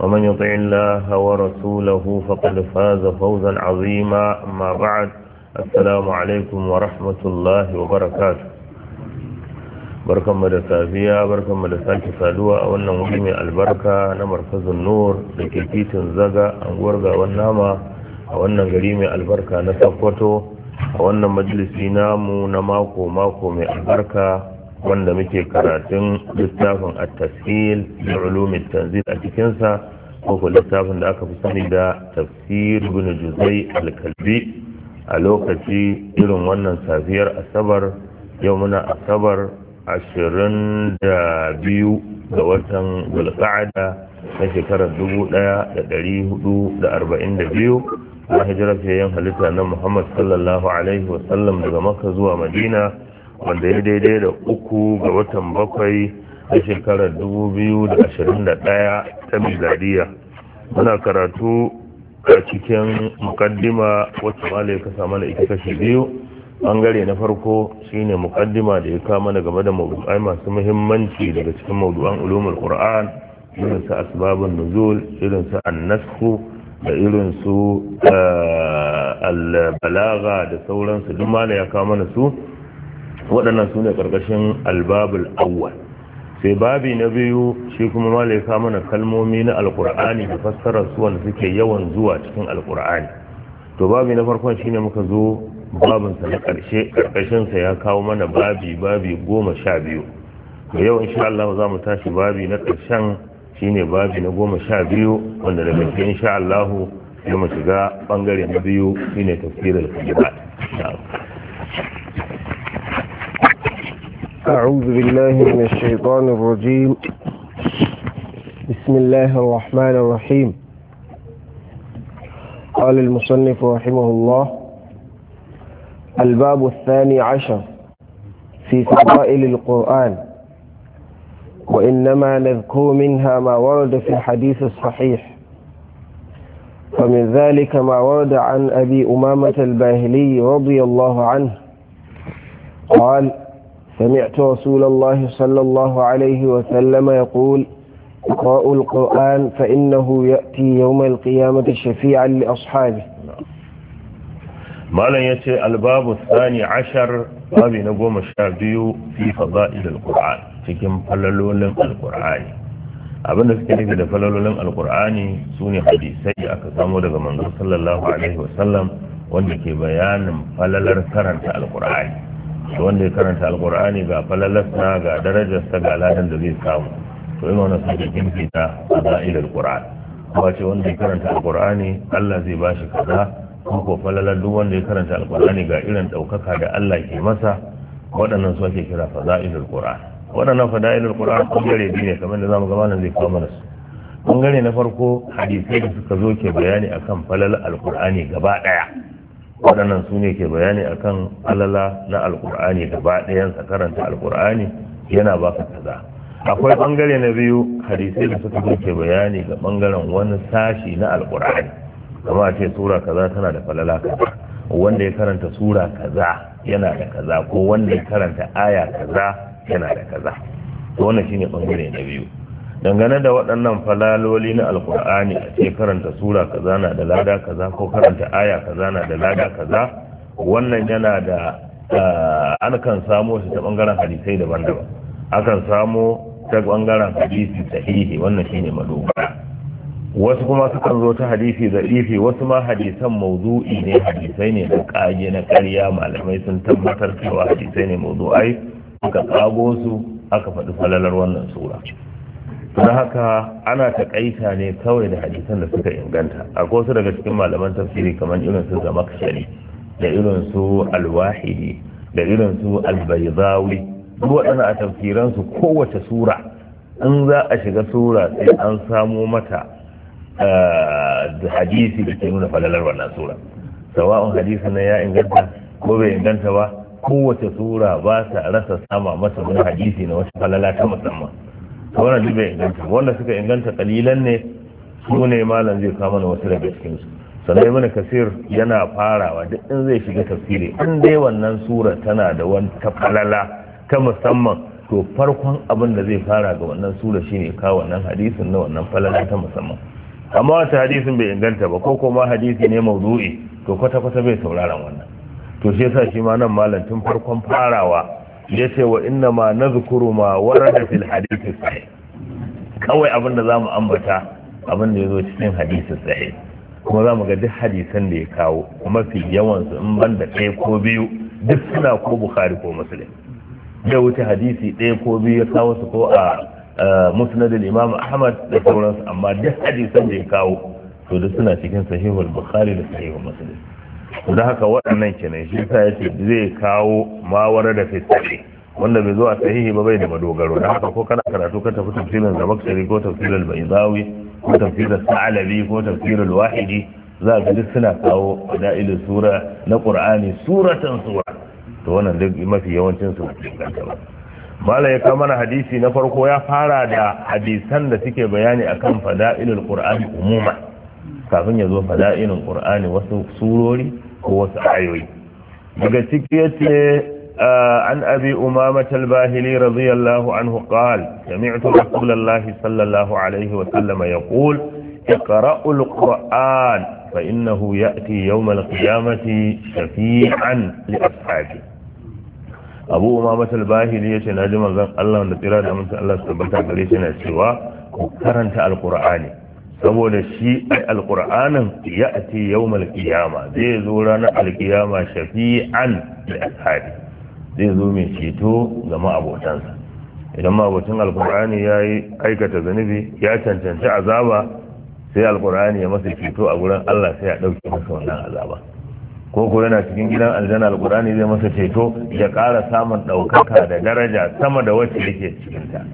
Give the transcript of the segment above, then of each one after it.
ومن يطع الله ورسوله فقد فاز فوزا عظيما أما بعد السلام عليكم ورحمة الله وبركاته barkanmu da safiya barkanmu da sake saduwa a wannan wuri mai albarka na markazin nur da ke titin zaga anguwar gawan nama a wannan gari mai albarka na sakkwato a wannan majalisi namu na mako mako mai albarka wanda muke karatun littafin a tafsir da ulumin tanzil a cikinsa ko littafin da aka fi sani da tafsir ibn juzai al-kalbi a lokaci irin wannan safiyar asabar yau muna asabar ashirin da biyu ga watan zulqa'ada na shekarar dubu daya da dari hudu da arba'in da biyu na hijirar halitta na muhammad sallallahu alaihi wasallam daga maka zuwa madina wanda ya daidai da uku ga watan bakwai na shekarar da 2021 ta miladiya muna karatu a cikin mukaddima wacce mala ka samu mana ita kashi biyu bangare na farko shine mukaddima da ya kama na game da mawdu'ai masu muhimmanci daga cikin mawdu'an ulumul qur'an irin su asbabun nuzul irin su annasku da irin su eh, al Balaga da sauransu duk mala ya kama mana su waɗannan su ne ƙarƙashin albabul awwal sai babi na biyu shi kuma malaika mana kalmomi na alƙur'ani da fassarar su wanda suke yawan zuwa cikin alƙur'ani to babi na farkon shine muka zo babinsa na ƙarshe ƙarƙashinsa ya kawo mana babi babi goma sha biyu da yau insha Allah za mu tashi babi na ƙarshen shine babi na goma sha biyu wanda da gaske insha Allah mu shiga ɓangare na biyu shine tafsirar kajibat أعوذ بالله من الشيطان الرجيم بسم الله الرحمن الرحيم قال المصنف رحمه الله الباب الثاني عشر في فضائل القرآن وإنما نذكر منها ما ورد في الحديث الصحيح فمن ذلك ما ورد عن أبي أمامة الباهلي رضي الله عنه قال سمعت رسول الله صلى الله عليه وسلم يقول اقرأوا القرآن فإنه يأتي يوم القيامة شفيعا لأصحابه ما لن يتي الباب الثاني عشر باب نقوم الشعبي في فضائل القرآن تكم فللول القرآن abinda suke nufi da falalolin alkur'ani su ne hadisai aka samo daga manzo sallallahu alaihi wasallam wanda ke bayanin falalar karanta alkur'ani da wanda ya karanta alkur'ani ga falalasta ga darajarsa ga ladan da zai samu to ina wani sake kimfi ta a za'ilar alkur'an kuma ce wanda ya karanta alkur'ani allah zai bashi kaza kuma ko falalar duk wanda ya karanta alkur'ani ga irin ɗaukaka da allah ke masa waɗannan su ake kira fada'ilar qur'an waɗannan fada'ilar qur'an gare biyu ne kamar da zamu gaba nan zai kawo mana su bangare na farko hadisai da suka zo ke bayani akan falalar alkur'ani gaba ɗaya waɗannan su ne ke bayani akan alala na alkur'ani gaba ɗayansa karanta alkur'ani yana ba ka kaza akwai ɓangare na biyu hadisai da suka zo ke bayani ga ɓangaren wani sashi na alkur'ani kama a ce sura kaza tana da falala kaza wanda ya karanta sura kaza yana da kaza ko wanda ya karanta aya kaza yana da kaza wannan shine ɓangare na biyu dangane da waɗannan falaloli na alkur'ani a ce karanta sura kaza na da lada kaza ko karanta aya kaza na da lada kaza wannan yana da an kan samo shi ta bangaren hadisai daban-daban akan samo ta bangaren hadisi sahihi wannan shine madogara wasu kuma sukan zo ta hadisi da ifi wasu ma hadisan mawdu'i ne hadisai ne da kage na ƙarya malamai sun tabbatar cewa hadisai ne mawdu'ai suka kago su aka faɗi falalar wannan sura don haka ana takaita ne kawai da hadisan da suka inganta a wasu daga cikin malaman tafsiri kamar irin su zamakshari da irin su alwahidi da irin su albaizawi duk waɗanda a tafsiransu kowace sura in za a shiga sura sai an samo mata eh, da hadisi da ke nuna falalar wannan sura sawa'un hadisi na ya inganta ko bai inganta ba kowace sura ba sa rasa sama masa wani hadisi na wata falala ta musamman wannan duk bai inganta wanda suka inganta kalilan ne su ne malam zai kama wasu daga cikin su sannan ibn kasir yana farawa duk in zai shiga tafsiri an dai wannan sura tana da wata falala ta musamman to farkon abin da zai fara ga wannan sura shine kawo wannan hadisin na wannan falala ta musamman amma wata hadisin bai inganta ba ko kuma hadisi ne mawdu'i to kwata kwata bai sauraron wannan to shi yasa shi ma nan malam tun farkon farawa yace wa inna ma zukuru ma da fil hadisi sai kawai abin da zamu ambata abin da zo cikin hadisi sai kuma zamu ga duk hadisan da ya kawo mafi yawan su in banda ɗaya ko biyu duk suna ko bukari ko musulun da wuce hadisi ɗaya ko biyu ya kawo su ko a musnadul imam ahmad da sauransu amma duk hadisan da ya kawo to duk suna cikin sahihul bukari da sahihul musulun da haka waɗannan kenan shi sa yace zai kawo mawara da fitsari wanda bai zo a sahihi ba bai da madogaro da haka ko kana karatu ka tafi tafsirin zamaksari ko tafsirin baizawi ko tafsirin sa'alabi ko tafsirin wahidi za ka duk suna kawo da'ilin sura na qur'ani suratan sura to wannan duk mafi yawancin su ba malam ya kama hadisi na farko ya fara da hadisan da suke bayani akan fada'ilul qur'ani umuma kafin ya zo fada'ilul qur'ani wasu surori ko wasu ayoyi daga ciki yace ah, an abi umama talbahili radiyallahu anhu qal sami'tu rasulullahi sallallahu alaihi wa sallam yaqul اقرأوا القرآن فإنه يأتي يوم القيامة شفيعا لأصحابه abu umama talbahili ya ce na ji manzon Allah wanda tsira da mutum Allah su tabbata gare shi na cewa ku karanta alqur'ani saboda shi ai alqur'anin ya ati yawmal qiyama zai zo ranar alqiyama shafi'an da ashabi zai zo mai ceto ga ma'abotansa idan ma'abotin alqur'ani yayi aikata zanubi ya cancanci azaba sai alqur'ani ya masa ceto a gurin Allah sai ya dauke masa wannan azaba ko ko yana cikin gidan aljanna alqur'ani zai masa ceto ya ƙara samun ɗaukaka da daraja sama da wacce yake cikin ta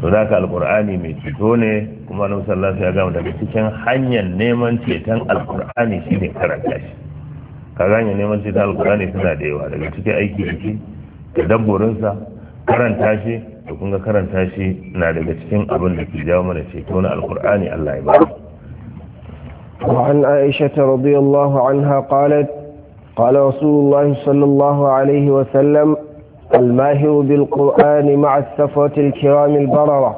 to ka alkur'ani mai ceto ne kuma na musallar ya gama daga cikin hanyar neman ceton alkur'ani shi ne karanta shi ka ganya neman ceton alkur'ani suna da yawa daga cikin aiki jiki da dabborinsa karanta shi da kun ga karanta shi na daga cikin abin da ke jawo mana ceto na alkur'ani allah ya ba وعن عائشة رضي الله عنها قالت قال رسول الله صلى الله عليه وسلم الماهر بالقرآن مع السفرة الكرام البررة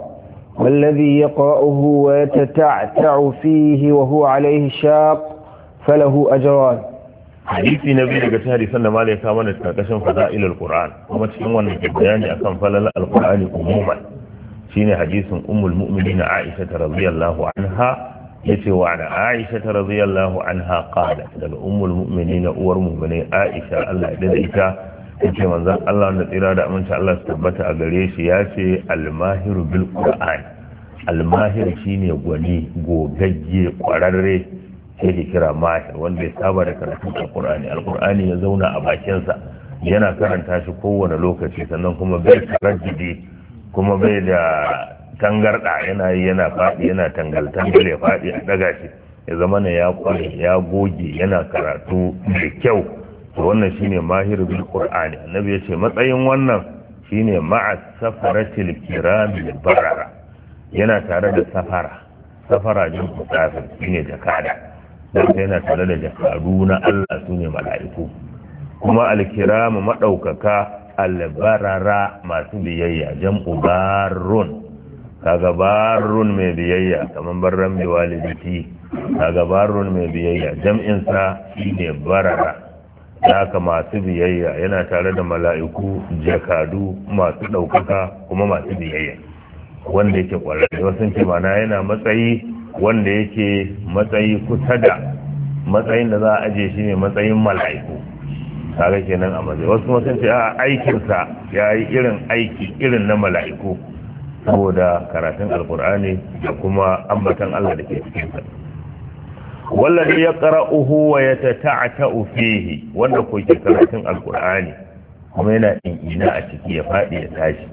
والذي يقرأه ويتتعتع فيه وهو عليه شاق فله أجران حديث نبي لكسه رسالة مالية كامل اتكاشم فضائل القرآن وما تشكوان الجبيان فلا لا القرآن أموما سين حديث أم المؤمنين عائشة رضي الله عنها يتي وعن عائشة رضي الله عنها قالت أم المؤمنين أور مؤمنين عائشة الله إذا ya ce manzan Allah da tsira da aminci Allah su tabbata a gare shi ya ce almahiru bil qur'an almahir shine gwani gogagge kwararre sai ke kira mahir wanda ya saba da karatun alqur'ani alqur'ani ya zauna a bakinsa yana karanta shi kowane lokaci sannan kuma bai tarajjudi kuma bai da tangarda yana yi yana faɗi yana tangal tangal ya faɗi a daga shi ya zama ne ya ya goge yana karatu da kyau to wannan shine mahir bil qur'ani annabi yace matsayin wannan shine ma'a safaratil kiram barara yana tare da safara safara jin musafir shine jakada dan yana tare da jakadu na Allah sune mala'iku kuma kiram madaukaka albarara masu biyayya jam'u barrun kaga barrun mai biyayya kaman barran mai walidati kaga barrun mai biyayya jam'in sa shine barara da haka masu biyayya yana tare da mala'iku jakadu masu ɗaukaka kuma masu biyayya wanda yake ƙwararre wasu ce mana yana matsayi wanda yake matsayi kusa da matsayin da za a aje shi ne matsayin mala'iku tare kenan a matsayi wasu wasu ce a aikinsa ya yi irin aiki irin na mala'iku saboda karatun alkur'ani da kuma ambatan allah da ke cikinsa kara Uhu wa yatata'ta'u fihi wanda ko ke karatun alqur'ani kuma yana ina a ciki ya fadi ya tashi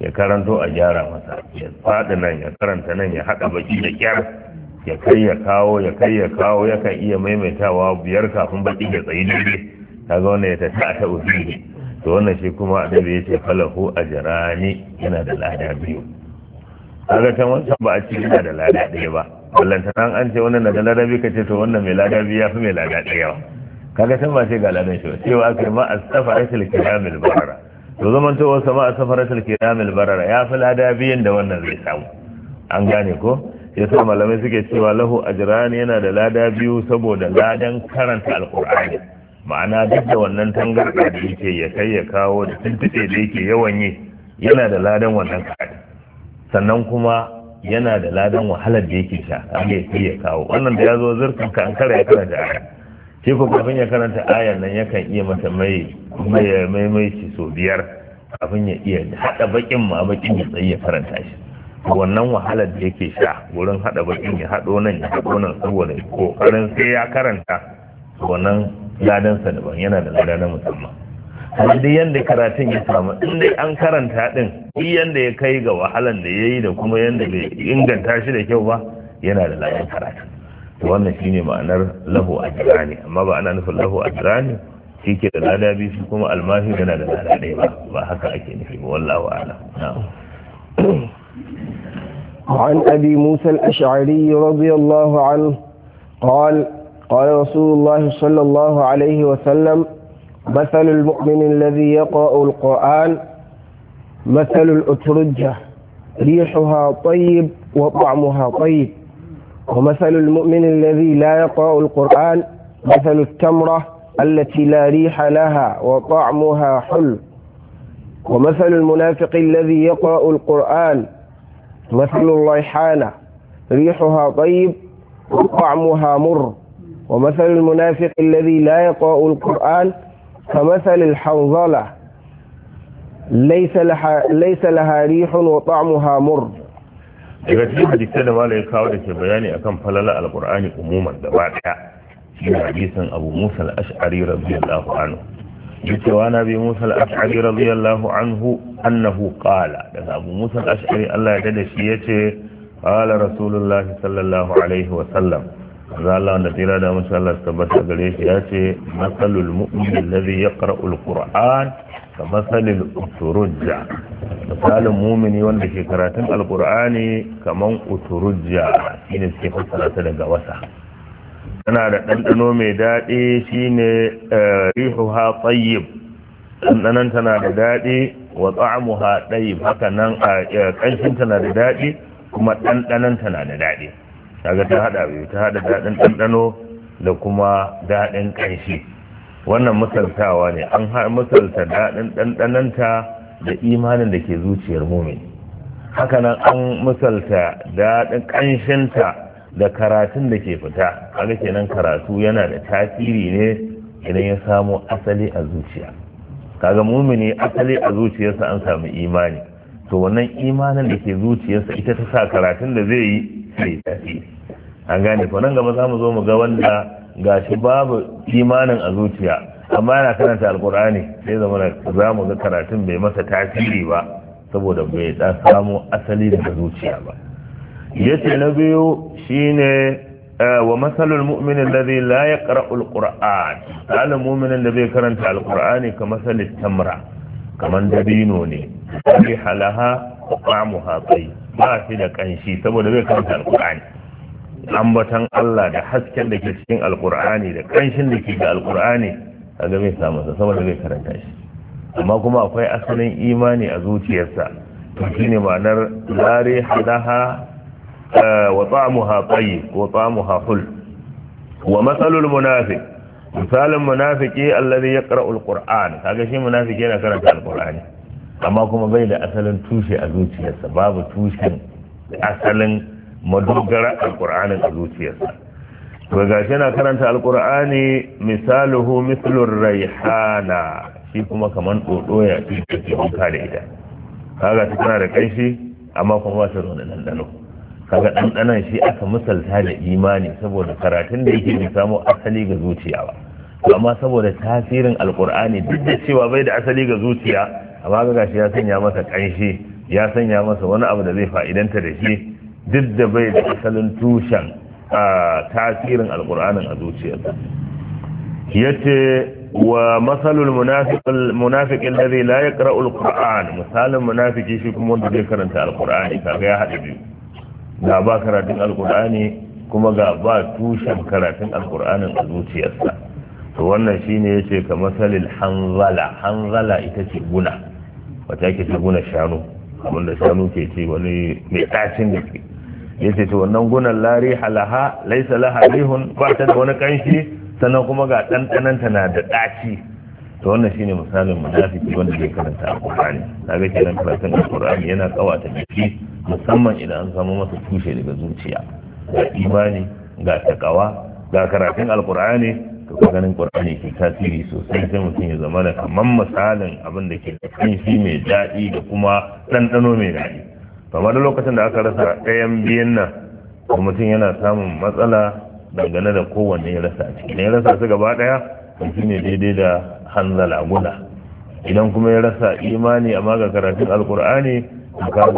ya karanto a gyara masa ya faɗi nan ya karanta nan ya hada baki da kyar ya kai ya kawo ya kai ya kawo ya kan iya maimaitawa biyar kafin baki ya tsayi dole kaga wannan ya tata'ta'u fihi to wannan shi kuma annabi yace falahu ajrani yana da lada biyu kaga ta wancan ba a cikin yana da lada ɗaya ba ballantana an ce wannan na da ka ce to wannan mai ladabi ya fi mai lada da yawa kaga san ba ce ga ladan shi cewa aka yi ma a safaratul kiramil barara to zaman to wasu ma a kiramil barara ya fi lada biyun da wannan zai samu an gane ko yasa malamai suke cewa lahu ajran yana da lada biyu saboda ladan karanta alqur'ani ma'ana duk da wannan tangar da yake ya kai ya kawo da tuntube da yake yawan yi yana da ladan wannan karatu sannan kuma yana da ladan wahalar da yake sha amma ya ya kawo wannan da ya zo zurfin ka an kara ya karanta aya shi ko kafin ya karanta aya nan yakan iya mata mai mai so biyar kafin ya iya hada bakin ma bakin ya tsaye karanta shi wannan wahalar da yake sha wurin hada bakin ya hado nan ya hado nan saboda kokarin sai ya karanta wannan ladansa daban yana da ladan musamman kamar duk yadda karatun ya samu in dai an karanta din duk yadda ya kai ga wahalan da ya yi da kuma yadda bai inganta shi da kyau ba yana da layan karatu to wannan shine ma'anar lahu a ajrani amma ba ana nufin lahu ajrani shi ke da lada biyu shi kuma almahi yana da lada ɗaya ba ba haka ake nufi ba wallahu a'lam عن أبي موسى الأشعري رضي الله عنه قال قال رسول الله صلى الله عليه وسلم مثل المؤمن الذي يقرأ القرآن مثل الأترجة ريحها طيب وطعمها طيب ومثل المؤمن الذي لا يقرأ القرآن مثل التمرة التي لا ريح لها وطعمها حلو ومثل المنافق الذي يقرأ القرآن مثل الريحانة ريحها طيب وطعمها مر ومثل المنافق الذي لا يقرأ القرآن كمثل الحنظلة ليس لها, ليس لها ريح وطعمها مر daga cikin hadisai da ya kawo da ke bayani akan falala alqur'ani umuman da ba daya shi hadisin abu musa al-ash'ari radiyallahu anhu yace wa nabi musa al-ash'ari radiyallahu anhu annahu ƙala daga abu musa al-ash'ari Allah ya dade shi yace qala rasulullahi sallallahu wa sallam manzo Allah wanda tira da musu Allah tabbata gare shi ya ce masalul mu'min alladhi yaqra'ul qur'an ka masalil uturujja misalin mumini wanda ke karatun alqur'ani kaman uturujja shine suke fassara ta daga wasa tana da ɗanɗano mai daɗi shine eh, ha tayyib ɗanɗanon tana da daɗi wa ha tayyib haka nan a eh, ƙanshin tana da daɗi kuma ɗanɗanon tana da daɗi kaga ta hada biyu ta hada daɗin ɗanɗano da kuma daɗin ƙanshi wannan misaltawa ne an har misalta daɗin ɗanɗanonta da imanin da ke zuciyar mumin hakanan an misalta daɗin ƙanshinta da karatun da ke fita kaga kenan karatu yana da tasiri ne idan ya samo asali a zuciya kaga mumini asali a zuciyarsa an samu imani to wannan imanin da ke zuciyarsa ita ta sa karatun da zai yi kai an gane ko nan gaba zamu zo mu ga wanda ga shi babu imanin a zuciya amma yana karanta alkur'ani sai zama za mu ga karatun bai masa tasiri ba saboda bai da samu asali daga zuciya ba yace na biyu shine eh, wa masalul mu'min alladhi la yaqra'u alquran al mu'min da bai karanta alqur'ani ka masalil tamra kaman dabino ne bi halaha kwamu hatsai ba shi da kanshi saboda zai karanta alkur'ani ambatan Allah da hasken da ke cikin alkur'ani da kanshin da ke da alkur'ani a ga mai samu sa saboda zai karanta shi amma kuma akwai asalin imani a zuciyarsa to ne ma'anar lare hadaha eh, wa tsamu tayyib ko tsamu hul wa matsalul munafiq misalin munafiki ya yaqra'u alqur'an kaga shi munafiki yana karanta alqur'ani amma kuma bai da asalin tushe a zuciyarsa babu tushen asalin madogara alkur'anin a zuciyarsa to ga shi yana karanta alkur'ani misaluhu mislur raihana shi kuma kaman dodo ya ke da ita kaga ta tana da kanshi amma kuma ba ta zaune dandano kaga ɗanɗanon shi aka misalta da imani saboda karatun da yake bai samo asali ga zuciya ba amma saboda tasirin alkur'ani duk da cewa bai da asali ga zuciya amma ga gashi ya sanya masa ƙanshi ya sanya masa wani abu da zai fa'idanta da shi duk da bai da asalin tushen a tasirin alkur'anin a zuciyarsa yace wa masalul munafiqil munafiqil ladhi la yaqra'u misalin munafiki shi kuma wanda zai karanta al'kur'ani kaga ya hada biyu ga ba karatun alqur'ani kuma ga ba tushen karatun alqur'anin a zuciyarsa to wannan shine yace ka masalil hanzala hanzala ita ce guna wata ake ta guna shanu da shanu ke ce wani mai ɗacin ke. ya ce wannan gunan lari halaha laisa laha ba ta da wani kanshi sannan kuma ga ɗanɗananta na da ɗaci to wannan shine misalin munafiki wanda zai karanta a ga ke kenan karatun Al-ƙur'ani yana ƙawata jiki musamman idan an samu masa tushe daga zuciya ga imani ga takawa ga karatun alƙur'ani to ka ganin qur'ani ke tasiri sosai sai mutum ya zama da kaman misalin abin da ke kan shi mai daɗi da kuma ɗanɗano mai daɗi kamar da lokacin da aka rasa ɗayan biyan nan to mutum yana samun matsala dangane da kowanne ya rasa ciki ne ya rasa su gaba ɗaya shi ne daidai da hanzala guda idan kuma ya rasa imani amma ga karatun alkur'ani kaga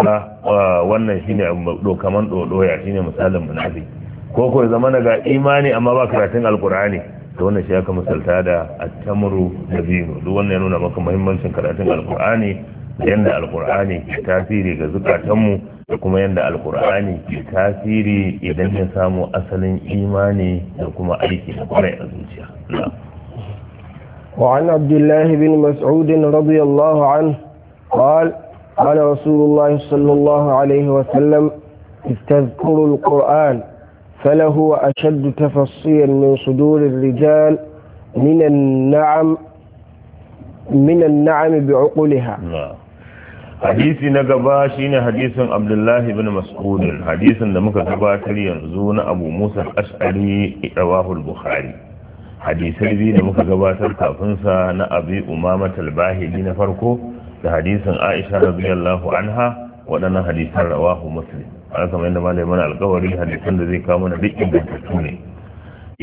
wannan shine dokaman dodoya shine misalin munafi ko ko zama ga imani amma ba karatun alkur'ani da wannan shi aka misalta da attamuru da bino duk wannan ya nuna maka muhimmancin karatun alkur'ani da yadda alkur'ani ke tasiri ga zukatanmu da kuma yadda alkur'ani ke tasiri idan ya samu asalin imani da kuma aiki da kwarai a zuciya وعن عبد الله بن مسعود رضي الله عنه قال قال رسول الله صلى الله عليه وسلم استذكروا القرآن فلهو أشد تفصيا من صدور الرجال من النعم من النعم بعقلها hadisi na gaba shine hadisin abdullahi bin mas'udin hadisin da muka gabatar yanzu na abu musa ash'ari rawahul bukhari hadisai biyu da muka gabatar kafin sa na abi umama talbahili na farko da hadisin aisha radiyallahu anha waɗannan hadisan rawahu muslim ana kamar yadda malai mana alkawari hadisan da zai kawo mana duk ingantattu ne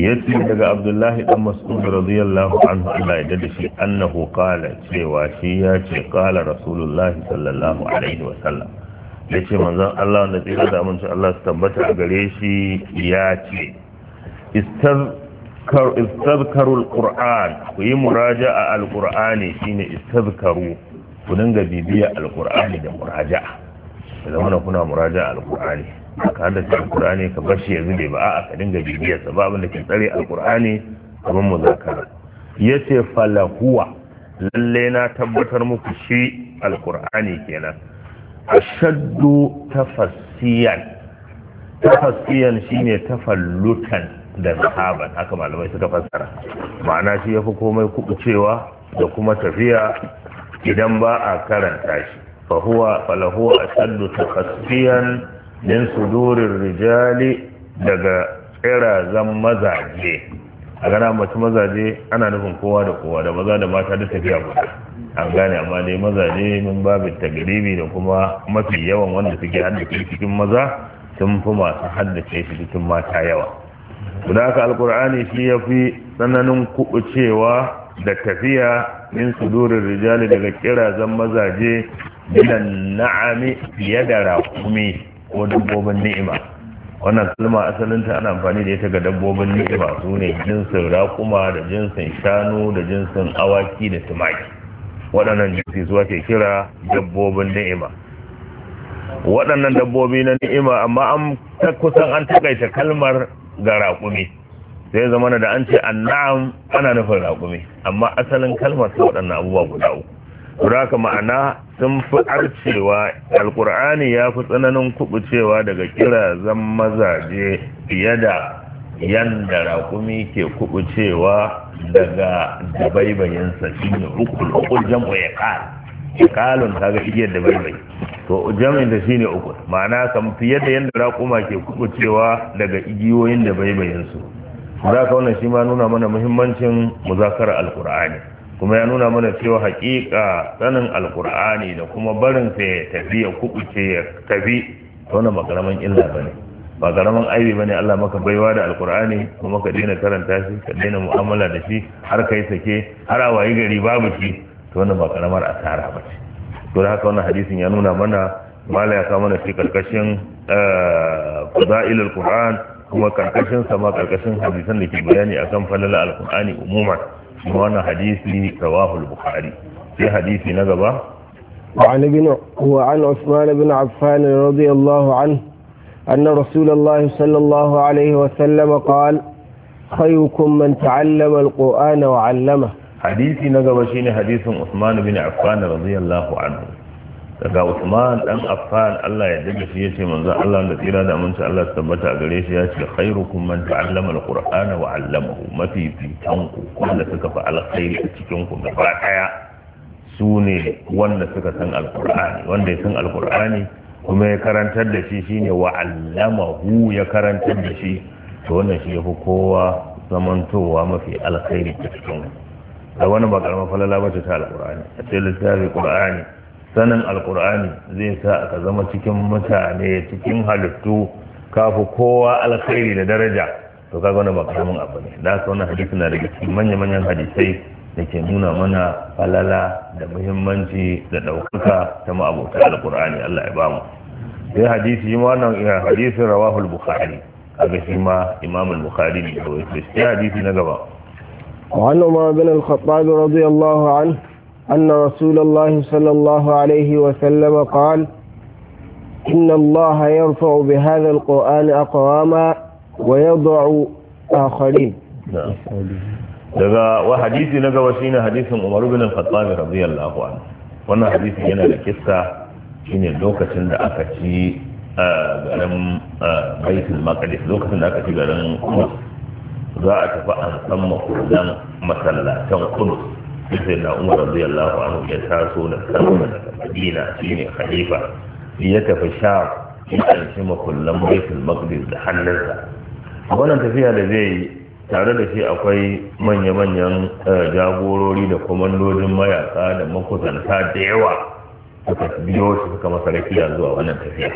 yace daga abdullahi dan mas'ud radiyallahu anhu Allah ya dade shi annahu qala cewa shi ya ce qala rasulullahi sallallahu alaihi wa sallam yace manzon Allah wanda tsira da amince Allah su tabbata a gare shi ya ce istar istazkaru alquran ku yi muraja'a alqurani shine istazkaru ku dinga bibiya alqurani da muraja'a ya zama kuna muraja alkur'ani ka haddace alkur'ani ka bar shi ya zube ba a'a ka dinga bibiyar sa ba da ke tsare alkur'ani kamar muzakara yace falahuwa Lallai na tabbatar muku shi alkur'ani kenan ashaddu tafassiyan tafassiyan shine tafallutan da sahaban haka malamai suka fassara ma'ana shi yafi komai kubucewa da kuma tafiya idan ba a karanta shi فهو فله أشد تخصيا من صدور الرجال دقا إرى زم مزاجي أغنى مت مزاجي أنا نفهم قوة da دا da دا ما تدت فيها بك an gane amma dai mazaje mun babu tagaribi da kuma mafi yawan wanda suke haddace cikin maza sun fi masu haddace shi cikin mata yawa. Guda haka Alkur'ani shi ya fi tsananin kuɓucewa da tafiya min sudurin rijali daga kirazan mazaje bilan na'ami fiye da rakumi ko dabbobin ni'ima wannan kalma asalinta ana amfani da ita ga dabbobin ni'ima su ne jinsin rakuma da jinsin shanu da jinsin awaki da tumaki waɗannan jinsi su ake kira dabbobin ni'ima waɗannan dabbobi na ni'ima amma an kusan an takaita kalmar ga raƙumi sai zama da an ce annam ana nufin raƙumi amma asalin kalmar ta waɗannan abubuwa guda uku Raka ma'ana sun fi arcewa alkur'ani ya fi tsananin kubucewa daga kirazan mazaje fiye da yanda raƙumi ke kubucewa daga dabaibayinsa shi ne ukul jam'u ya ƙara ƙalun ta ga igiyar dabaibai to jam'in da shi ne uku ma'ana kam fiye da yanda raƙuma ke kubucewa daga igiyoyin dabaibayinsu da ka wannan shi ma nuna mana muhimmancin muzakara alkur'ani kuma ya nuna mana cewa hakika sanin alkur'ani da kuma barin sa ya tafi ya kubuce ya tafi wannan makaraman illa bane ba karaman aibi bane Allah maka baiwa da alkur'ani kuma ka daina karanta shi ka daina mu'amala da shi har kai sake har a wayi gari babu shi to wannan ba karamar asara ba to da haka wannan hadisin ya nuna mana mala ya kawo mana shi karkashin eh, fadailul qur'an kuma karkashin sa ma karkashin hadisan da ke bayani akan falala alqur'ani umuman shi wannan hadisi rawahu al-bukhari sai hadisi na gaba وعن ابن وعن عثمان بن عفان رضي الله عنه أن رسول الله صلى الله عليه وسلم قال خيركم من تعلم القرآن وعلمه حديثي نقبشين حديث عثمان بن عفان رضي الله عنه daga Usman dan Affan Allah ya daga shi ya yace manzo Allah da tsira da aminci Allah tabbata a gare shi yace khairukum man ta'allama al-Qur'ana wa 'allamahu mafi fitan ku wanda suka fa alkhairi a cikin ku gaba daya sune wanda suka san alqur'ani wanda ya san alqur'ani kuma ya karantar da shi shine wa 'allamahu ya karantar da shi to wannan shi yafi kowa zamantowa mafi alkhairi a cikin da wani ba karamar falala ba ta alqur'ani a cikin littafin Qur'ani sanin alkur'ani zai sa aka zama cikin mutane cikin halittu kafu kowa alkhairi da daraja to kaga wani makaramin abu ne da haka hadisi na daga cikin manya-manyan hadisai da ke nuna mana falala da muhimmanci da ɗaukaka ta ma'abokan alkur'ani Allah ya bamu sai hadisi ma wannan eh, hadisin rawahul bukhari kaga shi ma imam bukhari ne da sai hadisi na gaba وعن ma bin al-khattab radiyallahu anhu أن رسول الله صلى الله عليه وسلم قال إن الله يرفع بهذا القرآن أقواما ويضع آخرين daga wa hadisi na gaba shine hadisin Umar ibn al-Khattab radiyallahu anhu wannan hadisi yana da kissa shine lokacin da aka ci garin Baitul lokacin da aka ci garin za a tafi an san makullan masallatan kudu. sai na umar radiyallahu anhu ya taso da kansa daga madina shi ne khalifa ya tafi sha ya makullan baitul maqdis da hannunsa wannan tafiya da zai yi tare da shi akwai manya-manyan jagorori da kwamandojin mayaka da makusanta da yawa suka biyo su suka masa rakiya zuwa wannan tafiya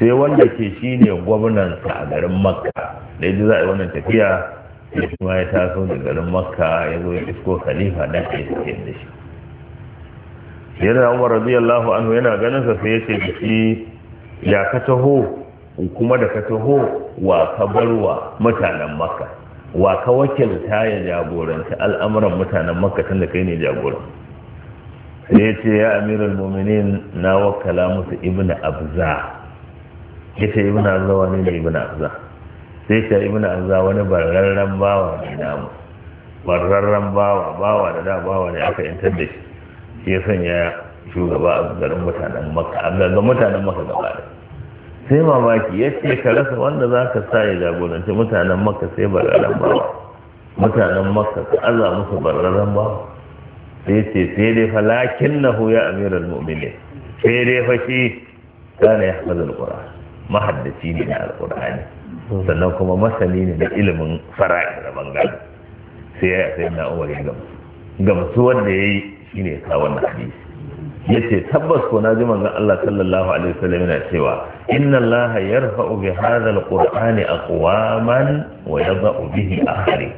sai wanda ke shine ta a garin makka da ya ji za a yi wannan tafiya ma ya taso da garin makka ya zo ya isko khalifa da ke ke da shi yana umar radiyallahu anhu yana ganin sa sai ya ce shi ya ka taho kuma da ka taho wa ka barwa mutanen makka wa ka wakilta ya jagoranci al'amuran mutanen makka tun da kai ne jagoran sai ya ce ya amirul mu'minin na wakala musu Ibn abza Ya ce Ibn abza wani ne Ibn abza sai muna an za wani bararren bawa ne namu bararren bawa bawa da da bawa ne aka intar da shi shi ya sanya shugaba a garin mutanen maka a ga mutanen maka gaba da sai mamaki ya ce ka rasa wanda za ka sa ya jagoranci mutanen maka sai bararren bawa mutanen maka ka aza musu bararren bawa sai ce sai dai fa lakin na huya amiral mu'mini sai dai fa shi kana ya haɗa alƙura mahaddaci ne na ne. sannan kuma masani ne na ilimin fara'i da bangare sai ya sai na umar ya gamsu gamsu wanda ya yi shi ne sa wannan hadisi ya ce tabbas ko na ji manzan Allah sallallahu alaihi wasallam yana cewa inna Allah yarfa'u bi hadha alqur'ani aqwaman wa yadha'u bihi hari.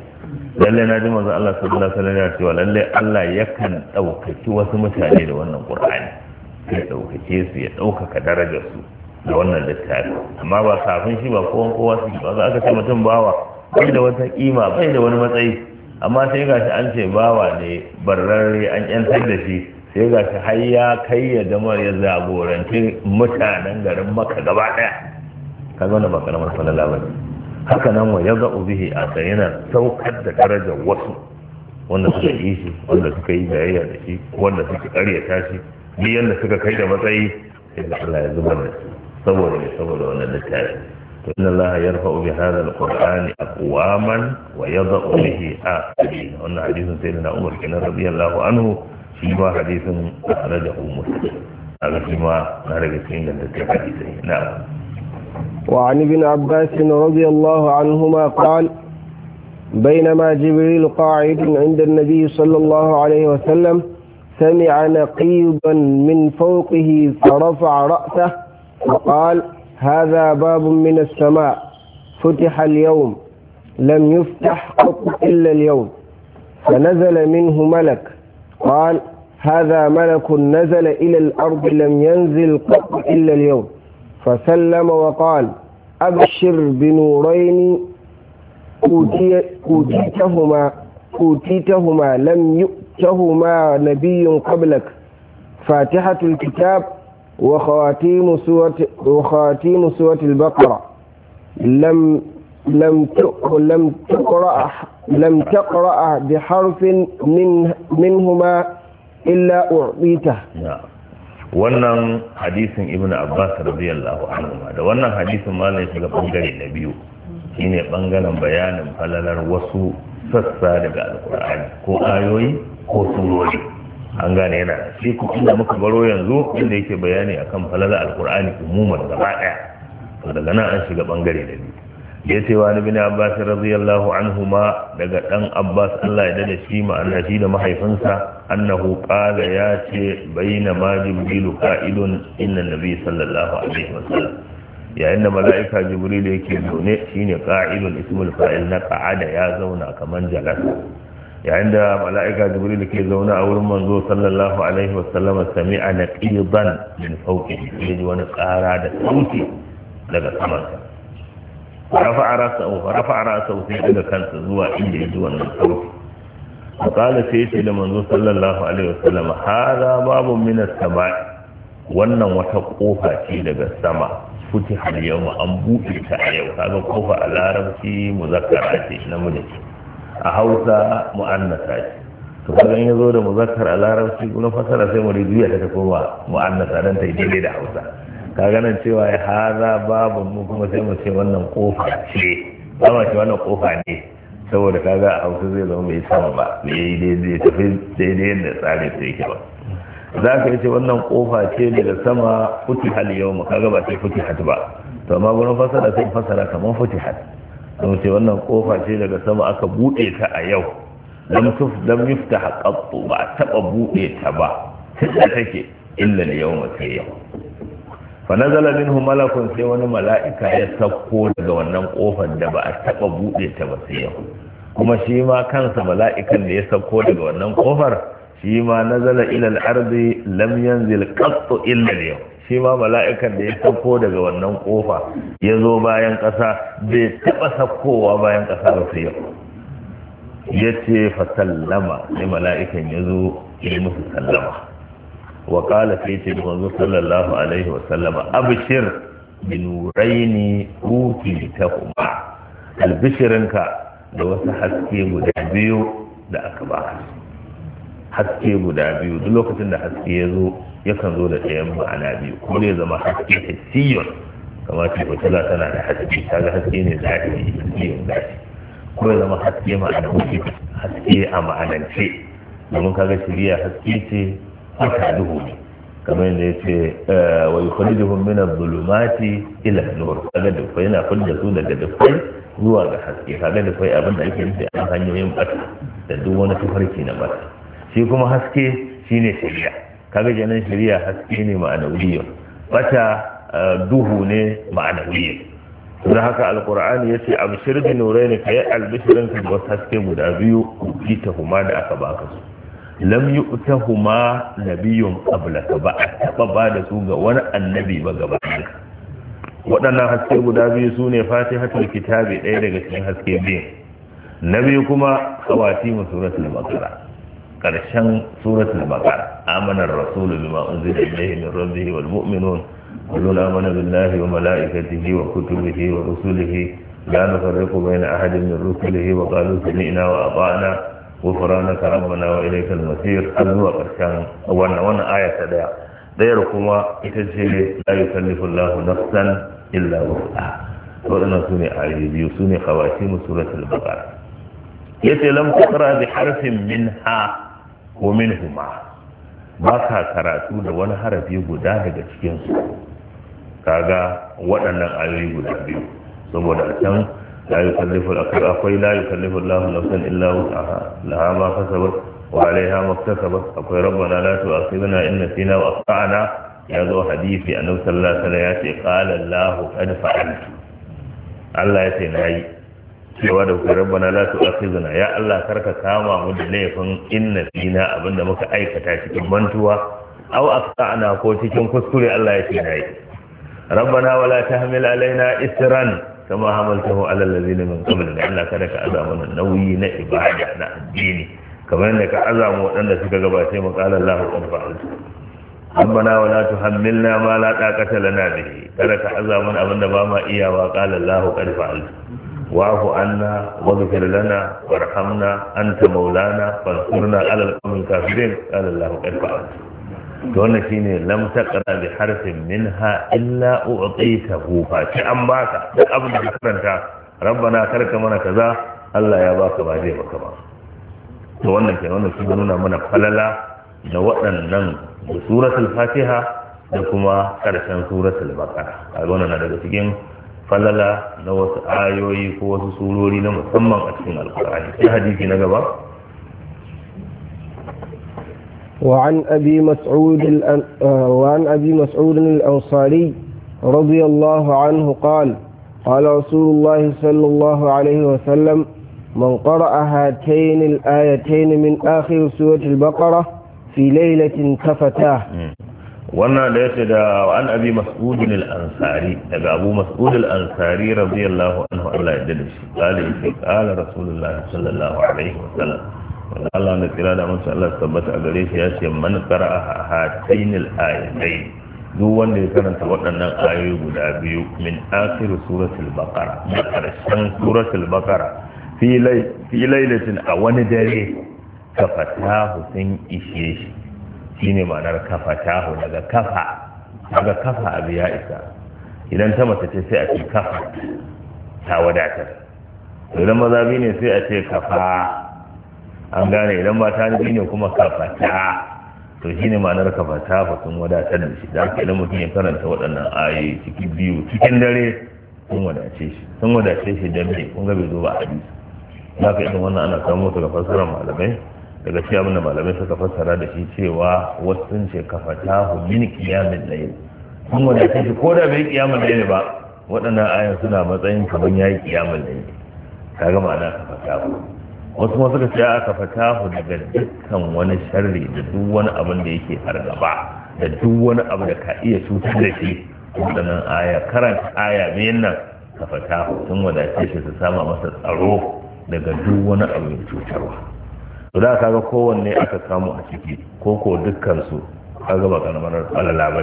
lalle na ji manzan Allah sallallahu alaihi wasallam yana cewa lalle Allah yakan daukaki wasu mutane da wannan qur'ani ya daukake su ya daukaka darajar su da wannan littafi amma ba kafin shi ba kowan kowa su ba za ce mutum bawa bai da wata kima bai da wani matsayi amma sai ga gashi an ce bawa ne bararre an yantar da shi sai ga gashi har ya kai ya zama ya zagoranci mutanen garin maka gaba daya ka zauna ba karamar falala ba haka nan wa ga ubihi a yana saukar da darajar wasu wanda suka yi shi wanda suka yi jayayya da shi wanda suka karyata shi ni yanda suka kai da matsayi sai da Allah ya zubar da shi saboda mai saboda wannan littafi to inna allaha yarfa'u bi hadha alqur'ani aqwaman wa yadh'u bihi akhirin wannan hadisin sayyidina umar kenan radiyallahu anhu shi ma hadisin akhrajahu muslim هذا فيما ما رجعتين عند الحديثين نعم وعن ابن عباس رضي الله عنهما قال بينما جبريل قاعد عند النبي صلى الله عليه وسلم سمع نقيبا من فوقه فرفع رأسه وقال هذا باب من السماء فتح اليوم لم يفتح قط إلا اليوم فنزل منه ملك قال هذا ملك نزل إلى الأرض لم ينزل قط إلا اليوم فسلم وقال أبشر بنورين أوتيتهما أوتيتهما لم يؤتهما نبي قبلك فاتحة الكتاب وخواتيم سورة, وخواتيم سورة البقرة لم لم لم تقرأ لم تقرأ بحرف من منهما إلا أعطيته wannan hadisin ibn abbas radiyallahu anhu da wannan hadisin ma ne bangare na biyu shine bangaren bayanin falalar wasu sassa daga alkur'ani ko ayoyi ko surori an gane yana shi ku inda muka baro yanzu inda yake bayani akan falala alkur'ani umuman gaba daya to daga nan an shiga bangare da ni ya ce wani bin abbas radiyallahu anhu ma daga dan abbas Allah ya dade shi Allah shi da mahaifinsa annahu qala ya ce bayna ma jibril qa'idun inna nabi sallallahu alaihi wasallam yayin da mala'ika jibril yake zaune shine qa'idun ismul fa'il na qa'ada ya zauna kaman jalasa yayin da mala'ika jibril ke zaune a wurin manzo sallallahu alaihi wasallama sami'a naqidan min fawqi yaji wani tsara da sauti daga sama rafa'a ra'sahu rafa'a ra'sahu sai daga kansa zuwa inda yaji wannan sauti qala sai yace da manzo sallallahu alaihi wasallama hada babu min as-sama' wannan wata kofa ce daga sama futi al-yawma an buɗe ta a yau kaga kofa a larabci muzakkara ce namiji a hausa mu'annasa ce to kaga ya zo da muzakkar a larabci kuma fasara sai mu rijiya ta koma mu'annasa dan ta yi daidai da hausa kaga nan cewa ya haza babu mu kuma sai mu ce wannan kofa ce ba ce wannan kofa ne saboda kaga a hausa zai zama bai sama ba bai yi daidai tafi daidai yadda tsari su yake ba za ka yi ce wannan kofa ce daga sama hal yau mu kaga ba sai futihat ba to amma gurin fasara sai fasara kamar futihat sun wannan kofa ce daga sama aka buɗe ta a yau lam tuf lam yuftaha qattu ba taba buɗe ta ba tunda take illa da yau sai yau fa nazala minhu malakun sai wani mala'ika ya sauko daga wannan kofar da ba a taba buɗe ta ba sai yau kuma shi ma kansa mala'ikan da ya sauko daga wannan kofar shi ma nazala ila al-ardi lam yanzil qattu illa yau shi ma mala'ikan da ya sauko daga wannan kofa ya zo bayan ƙasa bai taɓa saukowa bayan ƙasa ba su yau ya ce fa sallama sai mala'ikan ya zo ya musu sallama wa ƙala sai ce zo sallallahu alaihi wa sallama abshir bi nuraini kuki ta kuma albishirinka da wasu haske guda biyu da aka ba. haske guda biyu duk lokacin da haske ya zo yakan zo da ɗayan ma'ana biyu ko ne zama haske ta siyon kamar ce ko tana da haske ta ga haske ne zaɗi siyon shi ko ya zama haske ma'ana haske haske a ma'anance domin kaga shirya haske ce a kaduhu ne kamar yadda ya ce eh, wa da min adh-dhulumati ila an-nur kaga dukkan yana da su daga dukkan zuwa ga haske kaga dukkan abin da ake nufi a hanyoyin bata da duk wani tufarki na bata shi kuma haske shine shari'a kaga kenan shari'a haske ne ma'anawiyya bata eh, duhu ne ma'anawiyya don haka alkur'ani ya ce abshir bi nuraini kayi albishirin ka wasu haske guda biyu ukita huma da aka baka su lam yu'tahuma nabiyyun qablaka ba a taba ba da su ga wani annabi ba gaba waɗannan haske guda biyu su ne fatihatul kitabi ɗaya daga cikin haske biyu na biyu kuma kawati musuratul makara. karshen suratul baqara amanar rasulu bima unzila ilayhi min rabbihi wal mu'minun kullun amana billahi wa malaikatihi wa kutubihi wa rusulihi la nufarriqu bayna ahadin min rusulihi wa qalu sami'na wa ata'na ghufranaka rabbana wa ilaykal masir azwa ƙarshen wannan wannan aya ta daya dayar kuma ita ce la yukallifu Allahu nafsan illa wus'aha waɗannan su ayoyi biyu su ne suratul baqara yace lam taqra bi harfin minha ko minhuma ba ka karatu da wani harafi guda daga cikinsu kaga waɗannan ayoyi guda biyu saboda can la yukallifu akwai la yukallifu Allahu nafsan illa wus'aha laha ma kasabat wa alaiha ma kasabat akwai rabbana la tu'akhidna in nasina wa akhtana ya zo hadisi annabi sallallahu alaihi wasallam ya ce qala Allahu qad fa'altu Allah ya ce nayi cewa da ku na la akizuna ya Allah karka kama mu da laifin inna fina abinda muka aikata cikin mantuwa aw aqta'na ko cikin kuskure Allah ya ce dai rabbana wala tahmil alaina isran kama hamaltahu ala allazina min qablina Allah kada ka azama mana nauyi na ibada na addini kamar yadda ka azamu waɗanda suka gabace mu qala Allah qad fa'altu rabbana wala tuhammilna ma la taqata lana bihi kada ka azama abinda ba ma iyawa qala Allah qad fa'altu واعف عنا واغفر لنا وارحمنا أنت مولانا فانصرنا على القوم الكافرين قال الله قد فعلت دون شيني لم تقرأ بحرف منها إلا أعطيته فاتي أم باكا أبدا كرنتا ربنا كرك منا كذا الله يا باكا باجي بكما to wannan ke wannan sun nuna mana falala da waɗannan da suratul fatiha da kuma ƙarshen suratul baqara a wannan na daga cikin falala na wasu ayoyi ko wasu surori na musamman a cikin alkur'ani sai hadisi na gaba وعن أبي مسعود وعن أبي مسعود الأنصاري رضي الله عنه قال قال رسول الله صلى الله عليه وسلم من قرأ هاتين الآيتين من آخر سورة البقرة في ليلة كفتاه wannan da ya ce da an abi mas'udin al-ansari daga abu mas'udin al-ansari radiyallahu anhu Allah ya dade shi kale yace kala rasulullahi sallallahu alaihi wa sallam wanda Allah na tsira da manzo Allah tabbata a gare shi ya ce man qara'a hatayn al-ayatayn duk wanda ya karanta waɗannan ayoyi guda biyu min akhir suratul baqara na karshen suratul baqara fi lailatin a wani dare ka fatahu sun ishe shi Shi ne ma'anar kafa tahu daga kafa daga kafa abu ya isa idan ta mace ce sai a ce kafa ta wadatar idan maza biyu ne sai a ce kafa an gane idan mata biyu ne kuma kafa ta to shi ne ma'anar kafa ta sun wadatar da shi da idan mutum ya karanta waɗannan ayoyi cikin biyu cikin dare sun wadace shi sun wadace shi dan ne kun ga bai zo ba a za ka idan wannan ana samu daga fassarar malamai daga shi abin da malamai suka fassara da shi cewa wasu sun ce hu min qiyamil layl kun wanda take ko da bai qiyamul layl ba waɗannan ayan suna matsayin kaman yayi qiyamul layl kaga ma'ana hu wasu ma suka ce kafata hu daga dukkan wani sharri da duk wani abin da yake hargaba da duk wani abu da ka iya cutar da shi waɗannan aya karanta aya biyun nan ka hu sun wadace shi su sama masa tsaro daga duk wani abu mai cutarwa to da kaga kowanne aka samu a ciki ko ko dukkan su kaga ba karamar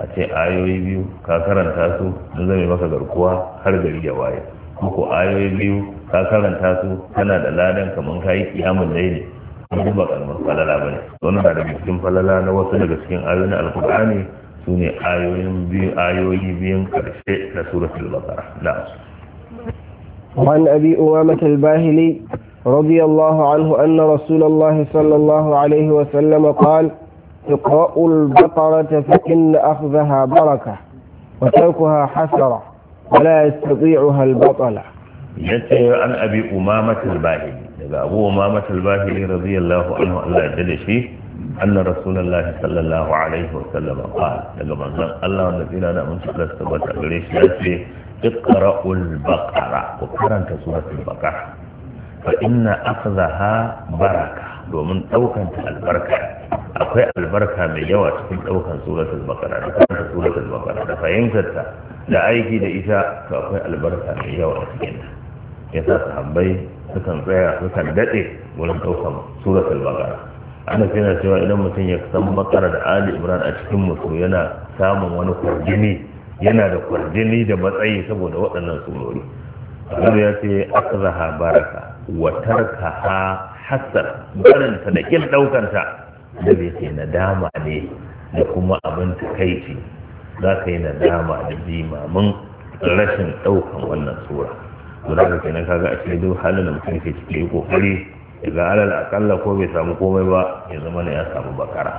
a ce ayoyi biyu ka karanta su sun zame maka garkuwa har gari ya waye ko ayoyi biyu ka karanta su tana da ladan kamar ka yi kiyamun ne kuma ba karamar falala ba ne wannan na daga cikin falala na wasu daga cikin ayoyin alkur'ani su ne ayoyin biyu ayoyi biyun karshe na suratul baqara na'am وعن abi أمامة bahili رضي الله عنه أن رسول الله صلى الله عليه وسلم قال اقرأوا البقرة فإن أخذها بركة وتركها حسرة ولا يستطيعها البطلة يتي عن أبي أمامة الباهلي أبو أمامة الباهلي رضي الله عنه الله جل شيء أن رسول الله صلى الله عليه وسلم قال لما الله الذين أنا من شكل استبت أغريش يتي اقرأوا البقرة وقرأت سورة البقرة fa inna akhdaha baraka domin daukan ta albarka akwai albarka mai yawa cikin daukan suratul baqara da karanta suratul baqara da fahimtar da aiki da ita to akwai albarka mai yawa a cikin ta yasa sahabbai sukan tsaya sukan dade wurin daukan suratul baqara ana yana cewa idan mutum ya san bakara da ali imran a cikin musu yana samun wani kwarjini yana da kwarjini da matsayi saboda waɗannan surori Allah ya ce akzaha baraka wa ha hasar barinta da kin daukanta da bai ke nadama ne da kuma abin takaici za ka yi nadama da jimamin rashin ɗaukan wannan sura to ka kake kaga a cikin duk halin da mutum ke cikin kokari idan alal akalla ko bai samu komai ba ya zama ne ya samu bakara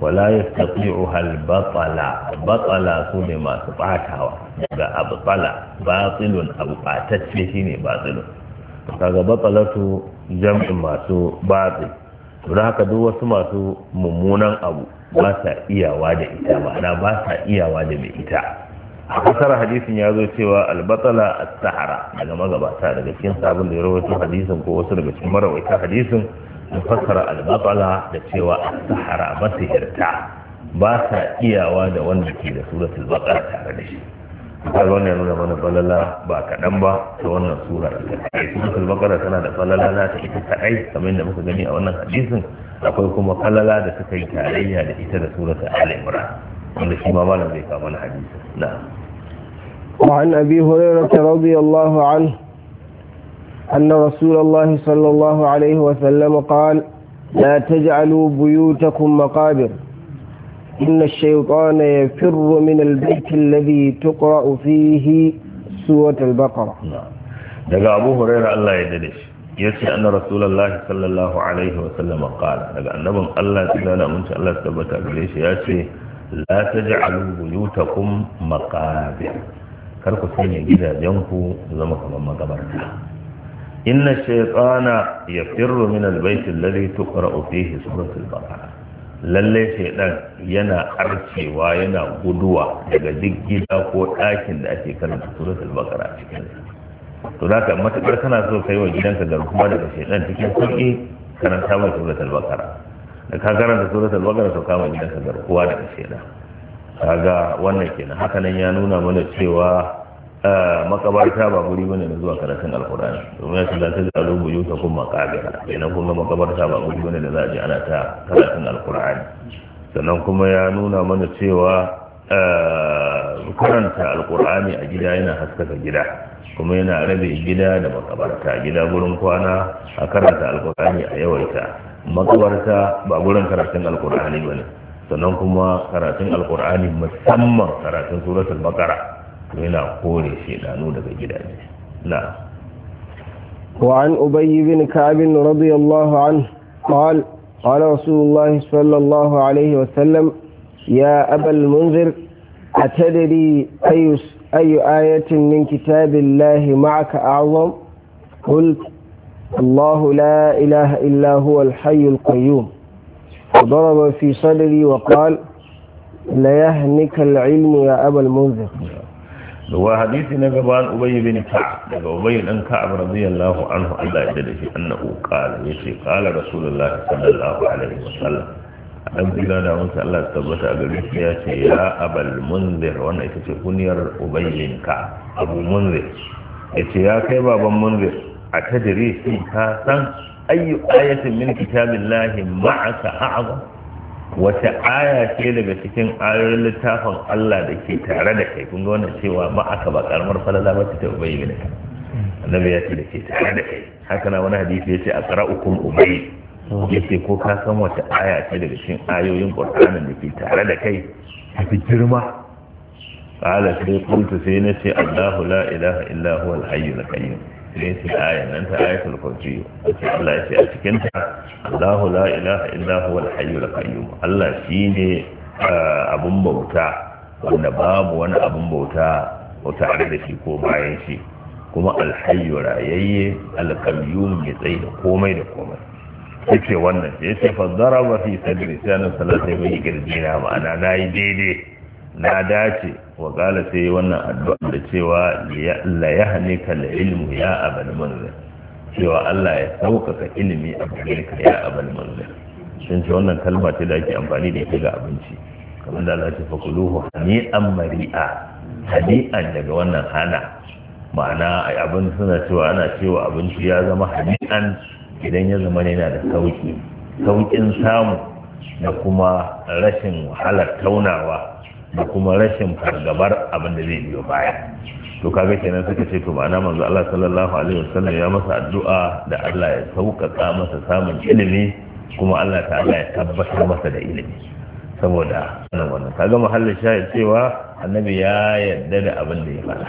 wala yastati'uha batsala. batala batala ne masu batawa ga abtala batilun abu batacce shine batilun kaga batsalatu jam'in masu batsi don haka duk wasu masu mummunan abu ba sa iyawa da ita ma'ana ba sa iyawa da mai ita a kasar hadisin ya zo cewa albatala a sahara daga magabata daga cikin sabon da ya rawaito hadisin ko wasu daga cikin marawaita hadisin da fassara albatala da cewa a sahara masihirta ba sa iyawa da wanda ke da suratul baqara tare da shi har wannan nuna mana falala ba kaɗan ba ta wannan sura kai kuma bakara tana da falala na ta ita kaɗai kamar yadda muka gani a wannan hadisin akwai kuma falala da suka yi tarayya da ita da sura ta al'imra wanda shi ma malam zai kama na hadisi na وعن أبي هريرة رضي الله عنه أن رسول الله صلى الله عليه وسلم قال لا تجعلوا بيوتكم مقابر إن الشيطان يفر من البيت الذي تقرأ فيه سورة البقرة daga abu huraira Allah ya dade shi ya ce anna rasulullahi sallallahu alaihi wa sallam qala daga annabin Allah tsira da mun Allah tabbata gare shi ya ce la buyuta buyutakum maqabir kar ku sanya gidajen ku zama kamar makabarta inna shaytana yafirru min albayt alladhi tuqra'u lallai shaidan yana arcewa yana guduwa daga duk gida ko ɗakin da ake karanta suratul baqara cikin to da ka matakar kana so kai wa gidanka garkuwa daga shaidan cikin sauki karanta mai suratul baqara da ka karanta suratul baqara to kama gidanka garkuwa daga shaidan kaga wannan kenan haka nan ya nuna mana cewa Eh, makabarta ba guri bane na zuwa karatun alkur'ani domin ya ta da alubu yusa kun makabira kenan kun makabarta ba guri bane da za a je ana ta karatun alkur'ani sannan kuma ya nuna mana cewa eh, karanta alkur'ani a gida yana haskaka gida kuma yana rabe gida da makabarta gida gurin kwana a karanta alkur'ani a yawaita makabarta ba gurin karatun alkur'ani bane sannan kuma karatun alkur'ani musamman karatun suratul baqara yana kore shedanu daga gidaje na وعن أبي بن كعب رضي الله عنه قال قال رسول الله صلى الله عليه وسلم يا أبا المنذر أتدري أي, أي آية من كتاب الله معك أعظم قلت الله لا إله إلا هو الحي القيوم وضرب في صدري وقال ليهنك العلم يا أبا المنذر wa hadisi na gaban ubayy bin ka'ab daga ubayy dan ka'ab radiyallahu anhu Allah ya da shi annahu qala ce qala rasulullahi sallallahu alaihi wa wasallam dan bila da wanda Allah ya tabbata a gare shi ya ce ya abal munzir wannan ita ce kunyar ubayy bin ka'ab abu munzir ce ya kai baban munzir a tajiri shi ka san ayyu ayatin min kitabillahi ma'aka a'zam wata aya ce daga cikin ayoyin littafin Allah da ke tare da kai kun ga cewa ma aka ba karamar falala ba ta ubayi bin ka annabi ya ce da ke tare da kai haka na wani hadisi ya ce a qara'ukum ubayi yace ko ka san wata aya ce daga cikin ayoyin qur'ani da ke tare da kai ta fi girma qala sai kuntu sai ce Allahu la ilaha illa huwa al-hayyul qayyum ليس الآية أن أنت آية الفرجية الله يسي أتكنت الله لا إله إلا هو الحي القيوم الله شيني أبن بوتا wanda babu wani abin bauta ko tare da shi ko bayan shi kuma alhayyu rayayye alqayyum mai tsayi da komai da komai yace wannan yace fa daraba fi sadri sanan salata bai ma'ana nayi daidai na dace wa kala sai wannan addu'a da cewa la yahnika la ilmu ya abal munzir cewa Allah ya saukaka ilimi a ka ya abal munzir shin ce wannan kalma ce da ake amfani da ita ga abinci kamar da Allah ya fakuluhu hani'an mari'a hani'an daga wannan hana ma'ana abin suna cewa ana cewa abinci ya zama hani'an idan ya zama yana da sauki saukin samu da kuma rashin wahalar taunawa da kuma rashin fargabar abin da zai biyo baya to kaga kenan suka ce to ma'ana manzo Allah sallallahu alaihi wasallam ya masa addu'a da Allah ya sauƙaƙa masa samun ilimi kuma Allah ta'ala ya tabbatar masa da ilimi saboda wannan wannan kaga muhallin shahid cewa annabi ya yadda da abin da ya fara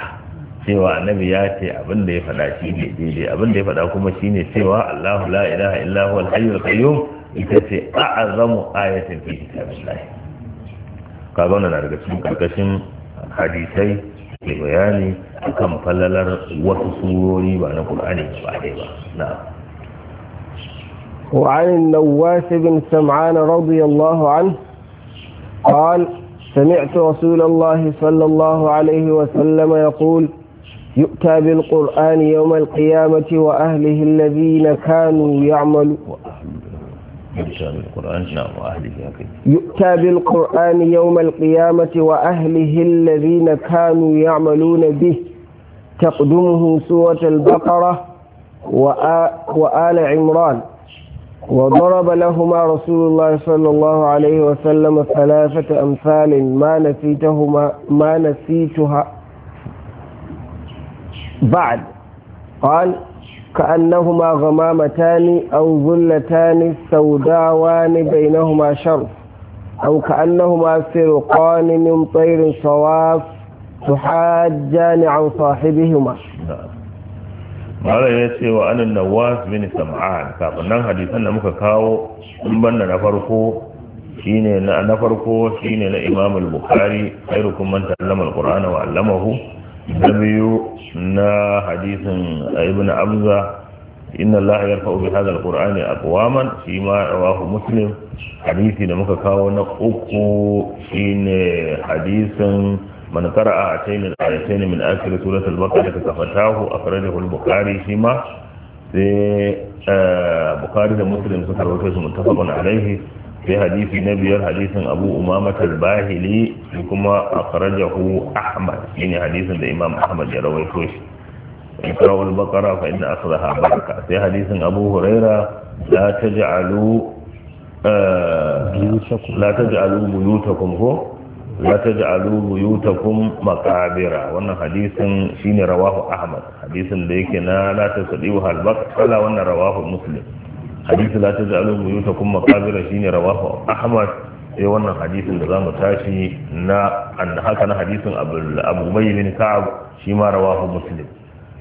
cewa annabi ya ce abin da ya fada shi ne daidai abin da ya fada kuma shine cewa Allahu la ilaha illa huwal hayyul qayyum ita ce a'azamu ayatin fi kitabillahi kaga na daga cikin karkashin hadisai ke bayani kan fallalar wasu surori ba na Qur'ani ba dai ba na'am وعن النواس بن سمعان رضي الله عنه قال سمعت رسول الله صلى الله عليه وسلم يقول يؤتى بالقرآن يوم القيامة وأهله الذين كانوا يعملون نعم، يؤتى بالقرآن يوم القيامة وأهله الذين كانوا يعملون به تقدمه سورة البقرة وآل عمران وضرب لهما رسول الله صلى الله عليه وسلم ثلاثة أمثال ما نسيتهما ما نسيتها بعد قال كأنهما غمامتان أو ظلتان سوداوان بينهما شرف أو كأنهما فرقان من طير صواف تحاجان عن صاحبهما mara ya ce wa anan nawas sam'an kafin nan hadisan da muka kawo in banda na farko shine na na farko shine na imamul bukari bukhari khairukum man ta'allama wa 'allamahu na biyu na hadisin ibn abza inna allaha yarfa'u bi hadha alqur'ani aqwaman shi ma rawahu muslim hadisi da muka kawo na uku shine hadisin man qara'a atayn al min akhir surat al-baqara kafatahu akhrajahu al-bukhari shi ma sai eh, bukhari da muslim suka rawaito su muttafaqun alaihi sai hadisi na biyar hadisin abu umamat al-bahili kuma akhrajahu ahmad shine hadisin da imam ahmad ya rawaito shi ikra'ul baqara fa inna aslaha baraka sai hadisin abu huraira la taj'alu eh, la taj'alu buyutakum ko la taj'alu wannan hadisin shine rawahu ahmad hadisin da yake na la tasdihu al-baqara wannan rawahu muslim hadisi la ta ja'alu buyutakum shine rawahu ahmad sai eh, wannan hadisin da zamu tashi na an haka na hadisin abu mai bin ka'ab shi ma rawahu muslim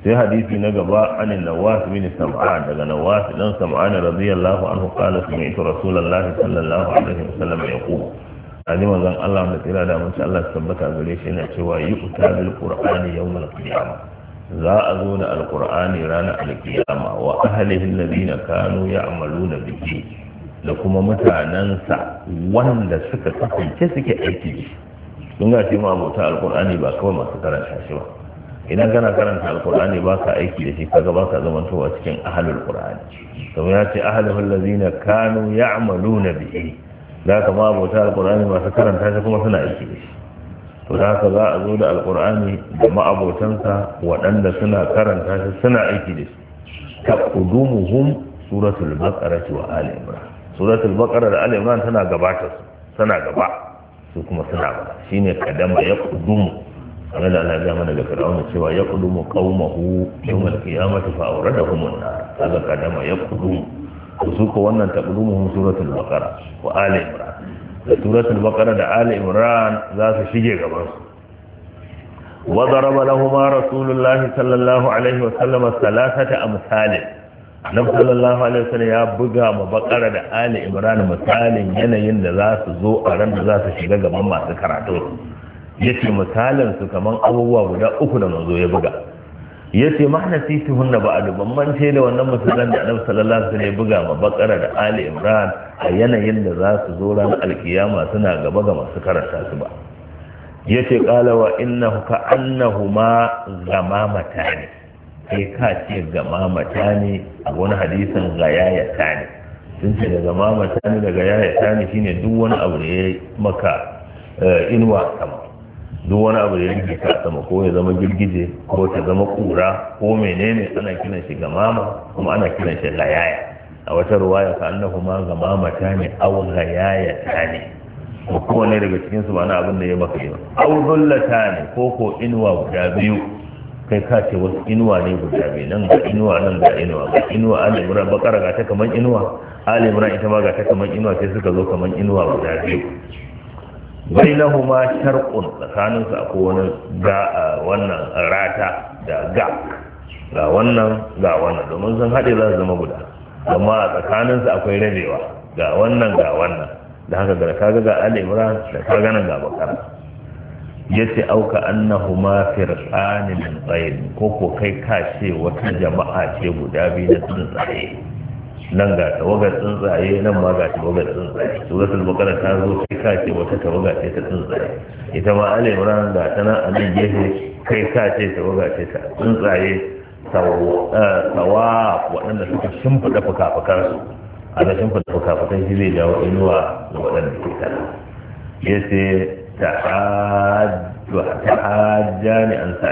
sai hadisi na gaba an nawas bin sam'an daga nawas dan sam'an radiyallahu anhu qala sami'tu rasulullahi sallallahu alaihi wasallam yaqul ani manzon Allah da tsira da mun Allah tabbata gare shi yana cewa yi utabil qur'ani yawmal qiyamah za a zo da alkur'ani ranar alkiyama wa ahalihin ladina kanu ya amalu da biki da kuma mutanensa wanda suka kasance suke aiki sun ga ce abota alkur'ani ba kawai masu karanta shi ba idan kana karanta alkur'ani ba ka aiki da shi kaga ba ka zamantowa cikin ahalul qur'ani to ya ce ahalul ladina kanu ya amalu da biki da kama abota alkur'ani masu karanta shi kuma suna aiki da shi to da haka za a zo da alkur'ani da ma'abotansa waɗanda suna karanta shi suna aiki da su ta qudumuhum suratul baqara wa ali imran suratul baqara da ali imran tana gabata tana gaba su kuma suna ba shine kadama ya qudumu kamar da Allah ya mana da Fir'aun cewa ya qudumu qaumahu yawmal qiyamati fa awradahum an-nar kaga kadama ya qudumu su ko wannan taqdumuhum suratul baqara wa ali imran da suratul baqara da ali imran za su shige gaban su wa daraba rasulullahi sallallahu alaihi wa sallam salasata amsal annab sallallahu alaihi wa sallam ya buga ma baqara da ali imran misalin yanayin da za su zo a ran da za su shiga gaban masu karatu yace misalin su kaman abubuwa guda uku da manzo ya buga ya ce ma na hunna ba a duban ce da wannan musulman da annabi sallallahu alaihi ne buga ma bakara da ali imran a yanayin da za su zo ran alkiyama suna gaba ga masu karanta su ba ya ce kala wa innahu ka annahu ma gamamata ne sai ka ce gamamata ne a wani hadisin ta ne sun ce daga mamata ne daga ta ne shine duk wani abu da ya maka eh, inuwa sama duk wani abu da ya rike ka sama ko ya zama girgije ko ta zama kura ko menene ana kiran shi gamama kuma ana kiran shi layaya a wata ruwaya ka ma gamama ta ne aw layaya ta ne ko kowane daga cikin su ba na abin da ya maka yau aw zullata ne ko ko inuwa guda biyu kai ka ce wasu inuwa ne guda biyu nan ga inuwa nan ga inuwa ga inuwa alimura bakara ga ta kaman inuwa alimura ita ma ga ta kaman inuwa sai suka zo kaman inuwa guda biyu bainahuma sharqun tsakanin su akwai wani ga wannan rata da ga ga wannan ga wannan domin sun haɗe za su zama guda amma a tsakanin su akwai rabewa ga wannan ga wannan da haka ga kaga ga al imran da kaga nan ga bakara yace auka annahuma firqanin min ko ko kai ka ce wata jama'a ce guda biyu na tsuntsaye nan ga tawaga tsuntsaye nan ma ga tawaga tsuntsaye suratul baqara ta zo sai ka ce wata tawaga ce ta tsuntsaye ita ma ali imran ga ta nan abin gefe kai ka ce tawaga ce ta tsuntsaye sawa eh, waɗanda suka shimfiɗa fuka su a da shimfiɗa fuka-fukan shi zai jawo inuwa ga waɗanda ke tara ya ce hajja ne an sa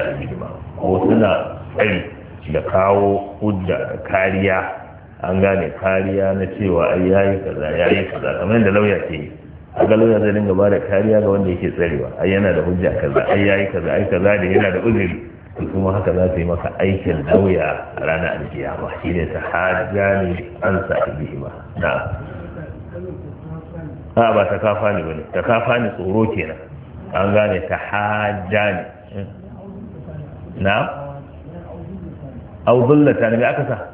ko suna tsari da kawo hujja da kariya an gane kariya na cewa ai yayi kaza yayi kaza kamar yadda lauya ke yi a ga lauya zai dinga bada kariya ga wanda yake tsarewa ai yana da hujja kaza ai yayi kaza ai kaza da yana da uzuri kuma haka za su yi maka aikin lauya a ranar alkiyama shi ne ta ne an sa albihima na a ba ta kafa ne ba ne ta kafa ne tsoro kenan an gane ta haja ne na auzullata ne aka sa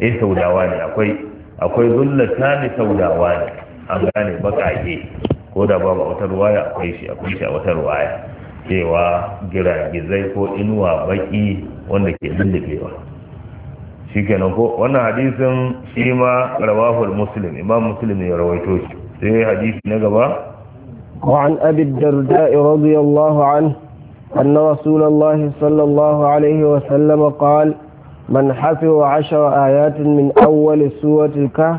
eh saudawa ne akwai akwai ta ne saudawa ne an gane bakake ko da babu wata ruwaya akwai shi akwai shi a wata ruwaya cewa giragizai ko inuwa baki wanda ke lullubewa shi kenan ko wannan hadisin shi ma rawahul muslim imam muslim ya rawaito shi sai hadisi na gaba وعن أبي الدرداء رضي الله عنه أن رسول الله صلى الله عليه وسلم قال من حفظ عشر آيات من أول سورة الكهف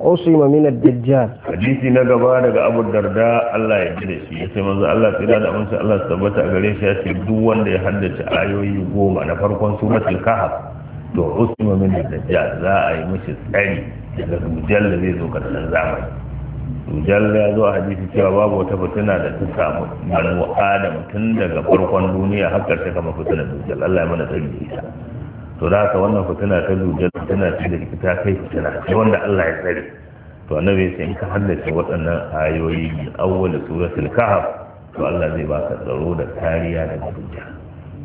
عصم من الدجال حديثي نغبا daga Abu Darda Allah ya jire shi yace manzo Allah tsira da manzo Allah tabbata a gare shi yace duk wanda ya haddace ayoyi goma na farkon suratul kahf to usma min dajjal za a yi mishi tsari daga dujal zai zo karshen zamani dujal ya zo a hadisi cewa babu wata fitina da ta samu banu adam tun daga farkon duniya har karshe kama Allah ya mana tsari to da haka wannan fitina ta dujal tana ta da ta kai fitina sai wanda Allah ya tsare to annabi sai in ka haddace waɗannan ayoyi min awwal suratul kahf to Allah zai baka tsaro da kariya daga dujal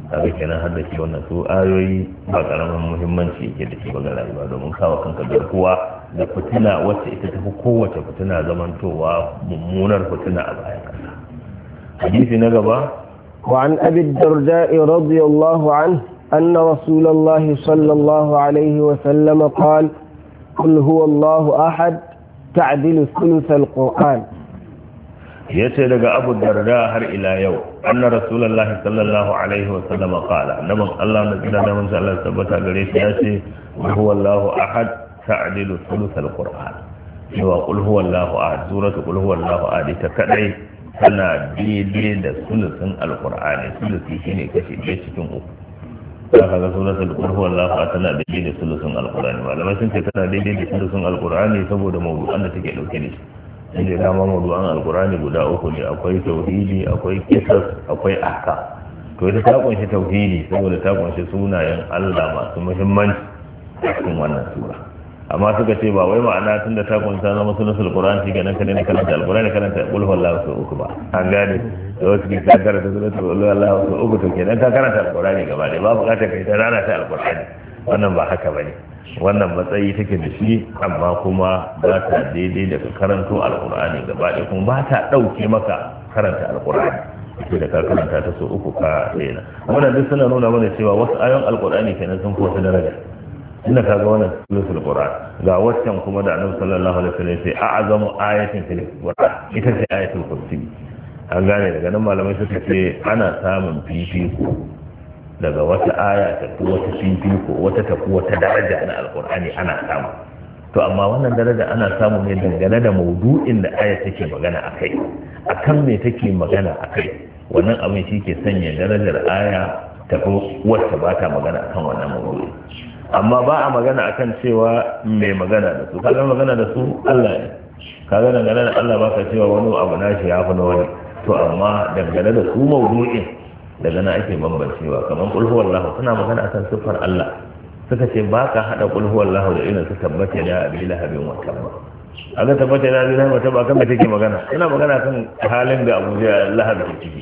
ka kenan haddace wannan su ayoyi ba karamin muhimmanci yake da shi ba ga rayuwa domin kawo kanka garkuwa da fitina wacce ita tafi kowace fitina zamantowa mummunar fitina a bayan kasa hadisi na gaba وعن أبي الدرداء رضي الله عنه أن رسول الله صلى الله عليه وسلم قال قل هو الله أحد تعدل ثلث القرآن yace daga abu darda har ila yau anna rasulullah sallallahu alaihi wa sallam qala annabi Allah na tsada mun Allah tabbata gare shi yace huwa Allahu ahad ta'dilu thuluth alquran cewa qul huwa Allahu ahad suratu qul huwa ta kadai tana daidai da sulusin alqur'ani sulusi shine kashi ɗaya cikin uku za ka ga suratul qur'an wallahu a tana daidai da sulusun alqur'ani malamai sun ce tana daidai da sulusun alqur'ani saboda mawdu'an da take dauke da shi inda dama mawdu'an alqur'ani guda uku ne akwai tauhidi akwai kisas akwai ahkam to ita ta kunshi tauhidi saboda ta kunshi sunayen Allah masu muhimmanci cikin wannan sura amma suka ce ba wai ma'ana tun da ta kunsa zama musulunci alkur'ani ganin ka ne na karanta alkur'ani karanta ulhu Allah su uku ba an gane da wasu ke ka karanta wani Allah wasu uku to kenan ta karanta alqur'ani gaba ɗaya ba bukatar kai ta rana ta alqur'ani wannan ba haka ba ne wannan matsayi take da shi amma kuma ba ta daidai daga karanto alqur'ani gaba kuma ba ta ɗauke maka karanta alqur'ani ke da karanta ta so uku ka rena wannan duk suna nuna mana cewa wasu ayon alqur'ani kenan sun fi wata daraja ina ka ga wannan sulusul qur'an ga waccan kuma da annabi sallallahu alaihi wasallam sai a'azamu ayatin fil qur'an ita ce ayatul kursi an gane daga nan malamai suka ce ana samun fifiko daga wata aya ta fi wata fifiko wata tafi wata daraja na alkur'ani ana samu to amma wannan daraja ana samu ne dangane da maudu'in da aya take magana a kai a kan me take magana a kai wannan abin shi ke sanya darajar aya ta fi wata ba ta magana a kan wannan maudu'in amma ba a magana a kan cewa mai magana da su kaga magana da su Allah ne kaga dangane da Allah ba ka cewa wani abu nashi ya fi na wani to amma dangane da su mawdu'in daga na ake bambancewa kamar qul huwallahu suna magana akan siffar Allah suka ce ba ka hada qul huwallahu da irin su tabbata da abi lahabin wa a aga tabbata da abin lahabin wa tabba kan take magana ina magana kan halin da Abu Lahab ke ciki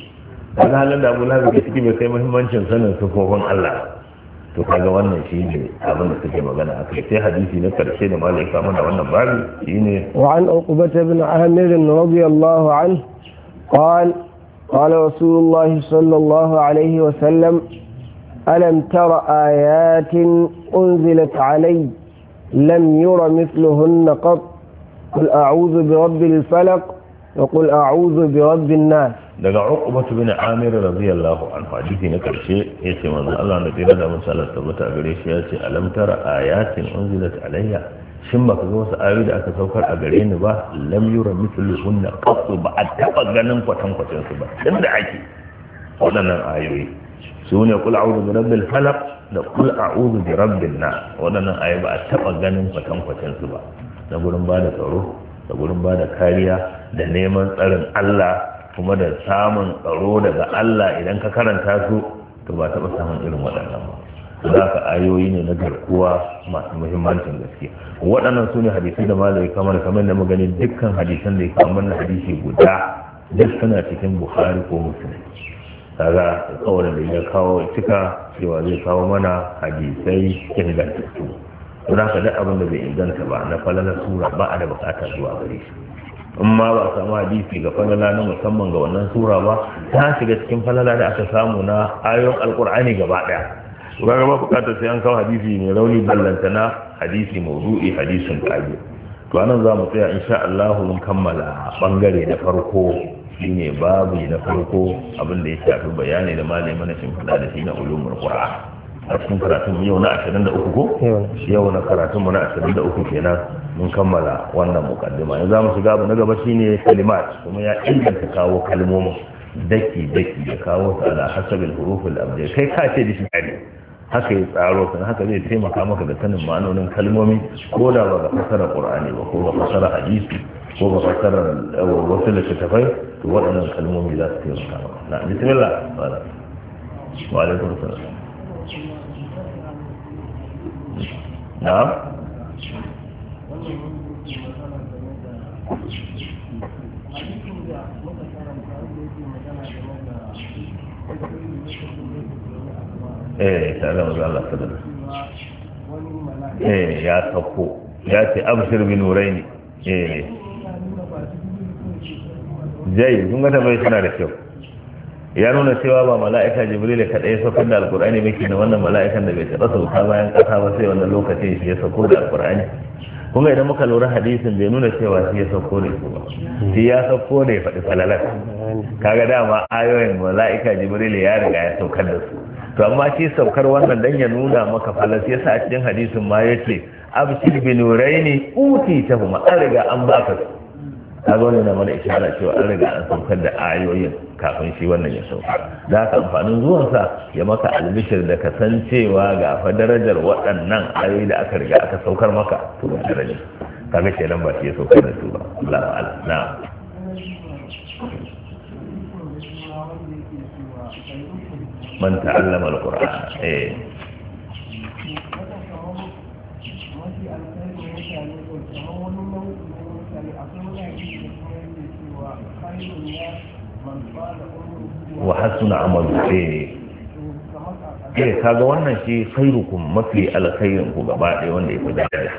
kaga halin da Abu Lahab ke ciki bai kai muhimmancin sanin sufofin Allah to kaga wannan shi ne abin da suke magana a kai sai hadisi na karshe da malai mana wannan bari shi ne wa an uqbata bin amir radiyallahu anhu قال قال رسول الله صلى الله عليه وسلم ألم تر آيات أنزلت علي لم ير مثلهن قط قل أعوذ برب الفلق وقل أعوذ برب الناس daga uqbatu bin amir radiyallahu anhu hadisi na karshe yace manzo Allah na tsira da masallar tabbata gare shi yace alam tara ayatin unzilat alayya shin ba ka ga wasu ayoyi da aka saukar a gare ni ba lam yura mithlu hunna qattu ba a taba ganin kwatan kwatan su ba dan da ake waɗannan ayoyi su ne kul a'udhu bi rabbil falaq da kul a'udhu bi rabbin nas waɗannan ayoyi ba a taba ganin kwatan kwatan su ba na gurin bada tsaro da gurin bada kariya da neman tsarin Allah kuma da samun tsaro daga Allah idan ka karanta su to ba taɓa samun irin waɗannan ba za ka ayoyi ne na garkuwa masu muhimmancin gaske waɗannan su ne hadisai da malai kamar kamar da magani dukkan hadisan da ya kamar na hadisi guda duk suna cikin buhari ko muslim kaga kawarin da ya kawo cika cewa zai kawo mana hadisai ingantattu don haka duk abin da bai inganta ba na falalar sura ba a da bukatar zuwa gare in ma ba a samu hadisi ga falala na musamman ga wannan sura ba ta shiga cikin falala da aka samu na ayoyin alkur'ani gaba ɗaya su kaga ba bukatar sai an kawo hadisi mai rauni na hadisi mawdu'i hadisin kage to anan za mu tsaya insha Allah mun kammala bangare na farko shine babu na farko abin da ya shafi bayani da malami mana shin fada da shi na ulumul qur'an cikin karatun yau na 23 ko yau na karatun mu na 23 kenan mun kammala wannan mukaddima yanzu za mu shiga na gaba shine kalimat kuma ya inganta kawo kalmomin daki daki da kawo su ala hasabin hurufin abdai kai ka ce da shi haka ya tsaro kan haka zai taimaka maka da sanin ma'anonin kalmomi ko da ba ka fasara qur'ani ba ko ba fasara hadisi ko ba fasara eh, wasu littattafai to waɗannan kalmomi za su taimaka maka na bismillah wa alaikum salam na'am eh tare da Allah ta dana eh ya sauko ya ce abshir bi nuraini eh jai kun ga tambayi tana da kyau ya nuna cewa ba mala'ika jibril ka dai saukar da alqur'ani miki da wannan mala'ikan da bai taɓa sauka bayan kasa ba sai wannan lokacin shi ya sauko da alqur'ani kuma idan muka lura hadisin bai nuna cewa shi ya sauko ne ba shi ya sauko ne faɗi falalar kaga dama ayoyin mala'ika jibril ya riga ya saukar da su to amma shi saukar wannan dan ya nuna maka falas yasa a cikin hadisin ma yace abshir bi nuraini uti ta huma an riga an baka su ka zo na mana ishara cewa an riga an saukar da ayoyin kafin shi wannan ya sauka da haka amfanin sa ya maka albishir da ka san cewa ga fa darajar waɗannan ayoyi da aka riga aka saukar maka to ga darajar kaga nan ba shi ya saukar da su ba Allah a'lam na man ta'allama wa hasuna amalu sai ne eh, kaga wannan shi khairukum mafi alkhairin ku gaba ɗaya wanda ya fi daraja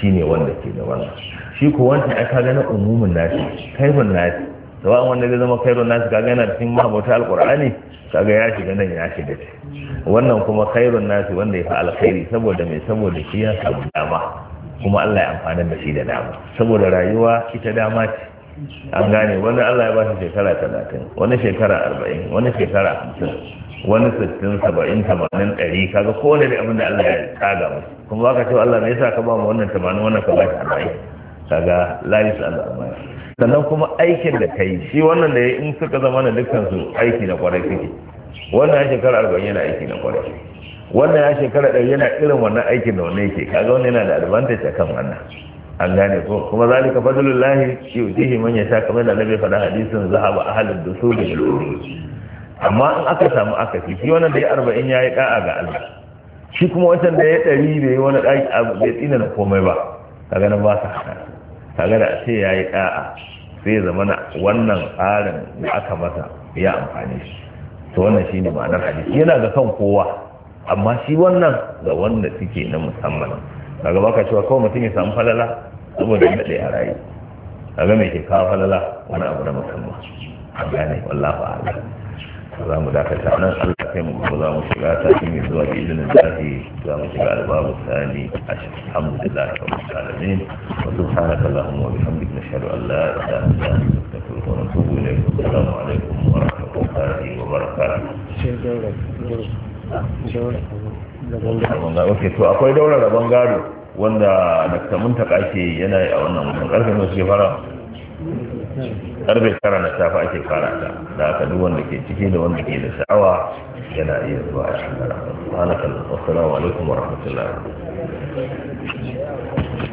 shi ne wanda ke da wannan shi ko wanda ai kaga na umumin nashi kairun nasi. sawan wanda zai zama kairun nasi kaga yana cikin mahabauta alqur'ani kaga ya shiga nan ya shiga ce wannan kuma kairun nasi wanda ya fi alkhairi saboda mai saboda shi ya samu dama kuma Allah ya amfana da shi da dama saboda rayuwa ita dama ce an gane wani Allah ya ba shi shekara talatin wani shekara arba'in wani shekara hamsin wani sittin saba'in tamanin ɗari kaga kowane da abin da Allah ya tsaga mu kuma baka ce Allah me yasa ka ba mu wannan tamanin wannan ka ba shi arba'in kaga la allah amma sannan kuma aikin da kai shi wannan da ya in suka zama na dukkan su aiki na kwarai suke wannan ya shekara arba'in yana aiki na kwarai wannan ya shekara ɗari yana irin wannan aikin da wannan yake kaga wannan yana da advantage akan wannan an gane ko kuma zalika fadlullahi shi yutihi man yasha kamar da nabi faɗa hadisin zahaba ahlud dusul bil amma in aka samu aka fi shi wannan da ya 40 yayi da'a ga Allah shi kuma wannan da ya 100 bai wani daki bai tsina na komai ba kaga nan ba sa kaga da sai yayi da'a sai zamana wannan tsarin da aka masa ya amfane shi to wannan shine ma'anar hadisi yana ga kan kowa amma shi wannan ga wanda suke na musamman kaga baka cewa kawai mutum ya samu falala saboda ya daɗe a rayu kaga mai ke kawo falala wani abu na musamman a gane wallahu a'ala za mu dakata nan Allah kai mu za mu shiga ta shi mai zuwa da izinin zafi za mu shiga albabu sani a shi alhamdulillah ta wasu wa subhanaka wa bihamdik nashhadu an la ilaha illa anta astaghfiruka wa atubu assalamu alaikum wa rahmatullahi wa barakatuh ok to akwai daular rabon gado wanda dakta muntaka ake yana a wannan wannan karfin wasu ke fara karfe tara na safa ake fara ta da aka duk wanda ke ciki da wanda ke da sha'awa yana iya zuwa a cikin gara. Assalamu alaikum wa rahmatullahi